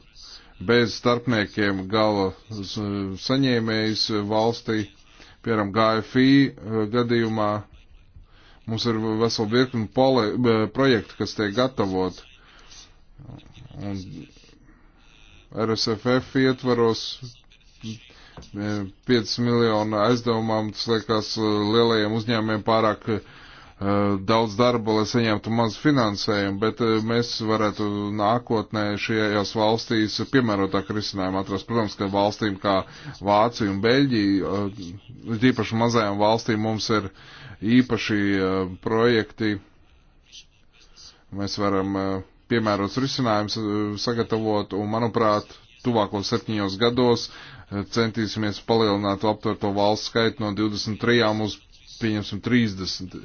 bez starpniekiem gala saņēmējs valstī. Piemēram, GFI eh, gadījumā mums ir vesela virkni eh, projektu, kas tiek gatavot. Un RSFF ietvaros 5 eh, miljonu aizdevumām, tas liekas lielajiem uzņēmiem pārāk uh, Eh, daudz darba, lai saņemtu maz finansējumu, bet eh, mēs varētu nākotnē šajās valstīs piemērotāk risinājumu atrast. Protams, ka valstīm kā Vācija un Beļģija, eh, īpaši mazajām valstīm mums ir īpaši projekti. Mēs varam piemērots risinājums sagatavot un, manuprāt, tuvāko septiņos gados centīsimies palielināt aptverto valstu skaitu no 23 uz, pieņemsim, 30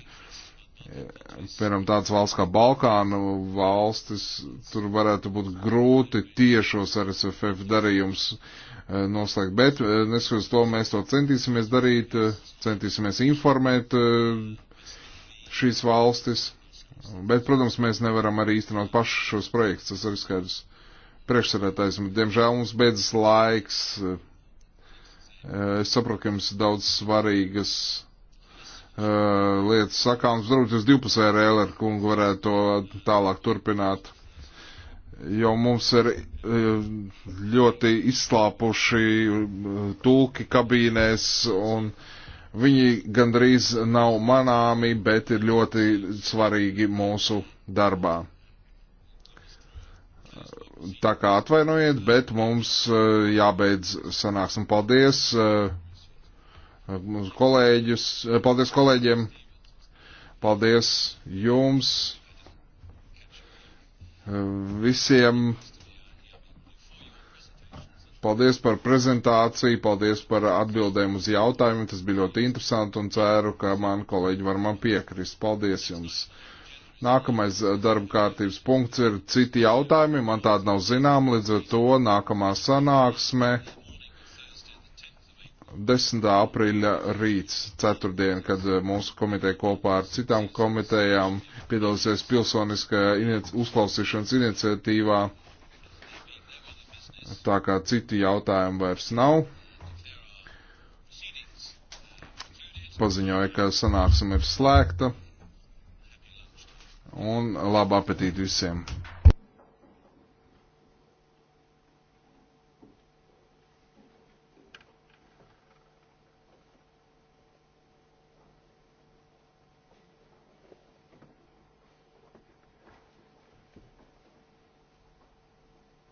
piemēram, tāds valsts kā Balkānu valstis, tur varētu būt grūti tiešos RSFF darījums e, noslēgt, bet e, neskatoties to, mēs to centīsimies darīt, e, centīsimies informēt šīs valstis, bet, protams, mēs nevaram arī īstenot pašu šos projektus, tas arī skaidrs priekšsarētājs, diemžēl mums beidzas laiks, es saprotu, ka jums daudz svarīgas Uh, lietas sakāms. Varbūt jūs divpusē ar Ēleru kungu varētu to tālāk turpināt jo mums ir uh, ļoti izslāpuši uh, tulki kabīnēs, un viņi gandrīz nav manāmi, bet ir ļoti svarīgi mūsu darbā. Tā kā atvainojiet, bet mums jābeidz sanāksim. Paldies mūsu kolēģus, eh, paldies kolēģiem, paldies jums eh, visiem. Paldies par prezentāciju, paldies par atbildēm uz jautājumiem. Tas bija ļoti interesanti un ceru, ka mani kolēģi var man piekrist. Paldies jums! Nākamais darba kārtības punkts ir citi jautājumi. Man tāda nav zinām, līdz ar to nākamā sanāksme. 10. aprīļa rīts, ceturtdien, kad eh, mūsu komiteja kopā ar citām komitejām piedalīsies pilsoniskajā inici uzklausīšanas iniciatīvā. Tā kā citi jautājumi vairs nav. Paziņoja, ka sanāksme ir slēgta. Un labu apetīti visiem!